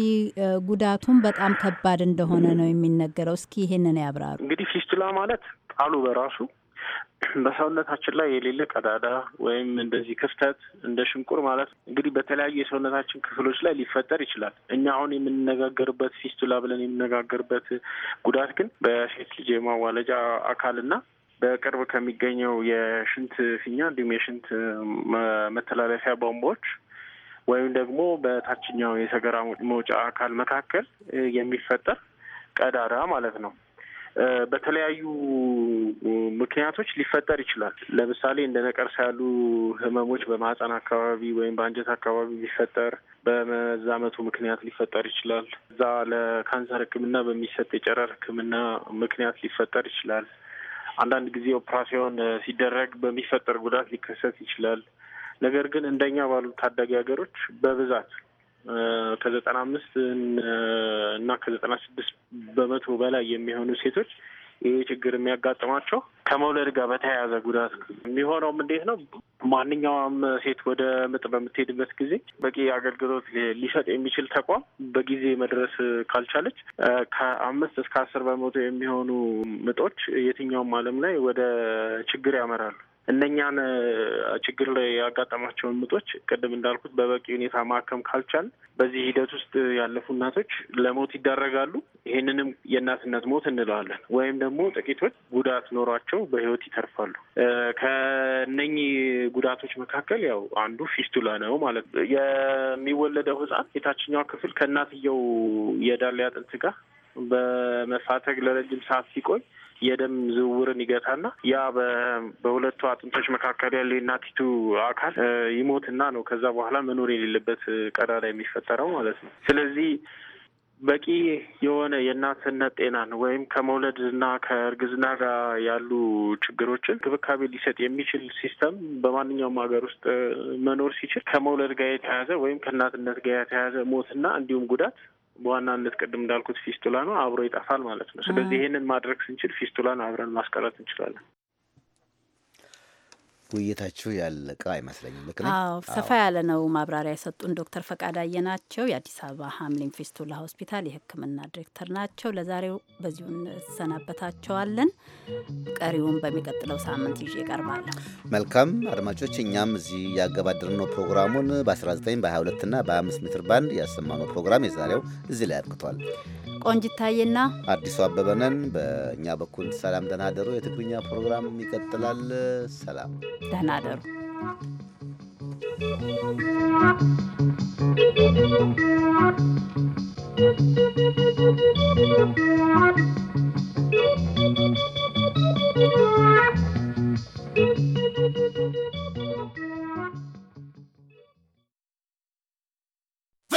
ጉዳቱን በጣም ከባድ እንደሆነ ነው የሚነገረው። እስኪ ይህንን ያብራሩ። እንግዲህ ፊስቱላ ማለት ቃሉ በራሱ በሰውነታችን ላይ የሌለ ቀዳዳ ወይም እንደዚህ ክፍተት እንደ ሽንቁር ማለት እንግዲህ በተለያዩ የሰውነታችን ክፍሎች ላይ ሊፈጠር ይችላል። እኛ አሁን የምንነጋገርበት ፊስቱላ ብለን የምነጋገርበት ጉዳት ግን በሴት ልጅ የማዋለጃ አካልና በቅርብ ከሚገኘው የሽንት ፊኛ እንዲሁም የሽንት መተላለፊያ ቧንቧዎች ወይም ደግሞ በታችኛው የሰገራ መውጫ አካል መካከል የሚፈጠር ቀዳዳ ማለት ነው። በተለያዩ ምክንያቶች ሊፈጠር ይችላል። ለምሳሌ እንደ ነቀርሳ ያሉ ህመሞች በማህፀን አካባቢ ወይም በአንጀት አካባቢ ሊፈጠር በመዛመቱ ምክንያት ሊፈጠር ይችላል። እዛ ለካንሰር ህክምና በሚሰጥ የጨረር ህክምና ምክንያት ሊፈጠር ይችላል። አንዳንድ ጊዜ ኦፕራሲዮን ሲደረግ በሚፈጠር ጉዳት ሊከሰት ይችላል። ነገር ግን እንደኛ ባሉ ታዳጊ ሀገሮች በብዛት ከዘጠና አምስት እና ከዘጠና ስድስት በመቶ በላይ የሚሆኑ ሴቶች ይህ ችግር የሚያጋጥማቸው ከመውለድ ጋር በተያያዘ ጉዳት የሚሆነውም እንዴት ነው? ማንኛውም ሴት ወደ ምጥ በምትሄድበት ጊዜ በቂ አገልግሎት ሊሰጥ የሚችል ተቋም በጊዜ መድረስ ካልቻለች ከአምስት እስከ አስር በመቶ የሚሆኑ ምጦች የትኛውም ዓለም ላይ ወደ ችግር ያመራሉ። እነኛን ችግር ላይ ያጋጠማቸውን ምጦች ቅድም እንዳልኩት በበቂ ሁኔታ ማከም ካልቻል በዚህ ሂደት ውስጥ ያለፉ እናቶች ለሞት ይዳረጋሉ። ይህንንም የእናትነት ሞት እንለዋለን። ወይም ደግሞ ጥቂቶች ጉዳት ኖሯቸው በህይወት ይተርፋሉ። ከነኚህ ጉዳቶች መካከል ያው አንዱ ፊስቱላ ነው ማለት ነው። የሚወለደው ህጻን የታችኛው ክፍል ከእናትየው የዳሌ አጥንት ጋር በመፋተግ ለረጅም ሰዓት ሲቆይ የደም ዝውውርን ይገታና ያ በሁለቱ አጥንቶች መካከል ያለ የእናቲቱ አካል ይሞትና ነው ከዛ በኋላ መኖር የሌለበት ቀዳዳ የሚፈጠረው ማለት ነው። ስለዚህ በቂ የሆነ የእናትነት ጤናን ወይም ከመውለድና ከእርግዝና ጋር ያሉ ችግሮችን ክብካቤ ሊሰጥ የሚችል ሲስተም በማንኛውም ሀገር ውስጥ መኖር ሲችል ከመውለድ ጋር የተያያዘ ወይም ከእናትነት ጋር የተያያዘ ሞትና እንዲሁም ጉዳት በዋናነት ቅድም እንዳልኩት ፊስቱላ ነው አብሮ ይጠፋል ማለት ነው። ስለዚህ ይህንን ማድረግ ስንችል ፊስቱላን አብረን ማስቀረት እንችላለን። ውይይታችሁ ያለቀ አይመስለኝም። ልክ አዎ፣ ሰፋ ያለ ነው ማብራሪያ የሰጡን ዶክተር ፈቃድ አየ ናቸው። የአዲስ አበባ ሀምሊን ፊስቱላ ሆስፒታል የሕክምና ዲሬክተር ናቸው። ለዛሬው በዚሁ እንሰናበታቸዋለን። ቀሪውን በሚቀጥለው ሳምንት ይዤ እቀርባለሁ። መልካም አድማጮች፣ እኛም እዚህ ያገባደርነው ፕሮግራሙን በ19 በ22 እና በ25 ሜትር ባንድ ያሰማነው ፕሮግራም የዛሬው እዚህ ላይ አብቅቷል። ቆንጅታዬና አዲሱ አበበነን በእኛ በኩል ሰላም፣ ደህና ደሩ። የትግርኛ ፕሮግራም ይቀጥላል። ሰላም ደህና አደሩ።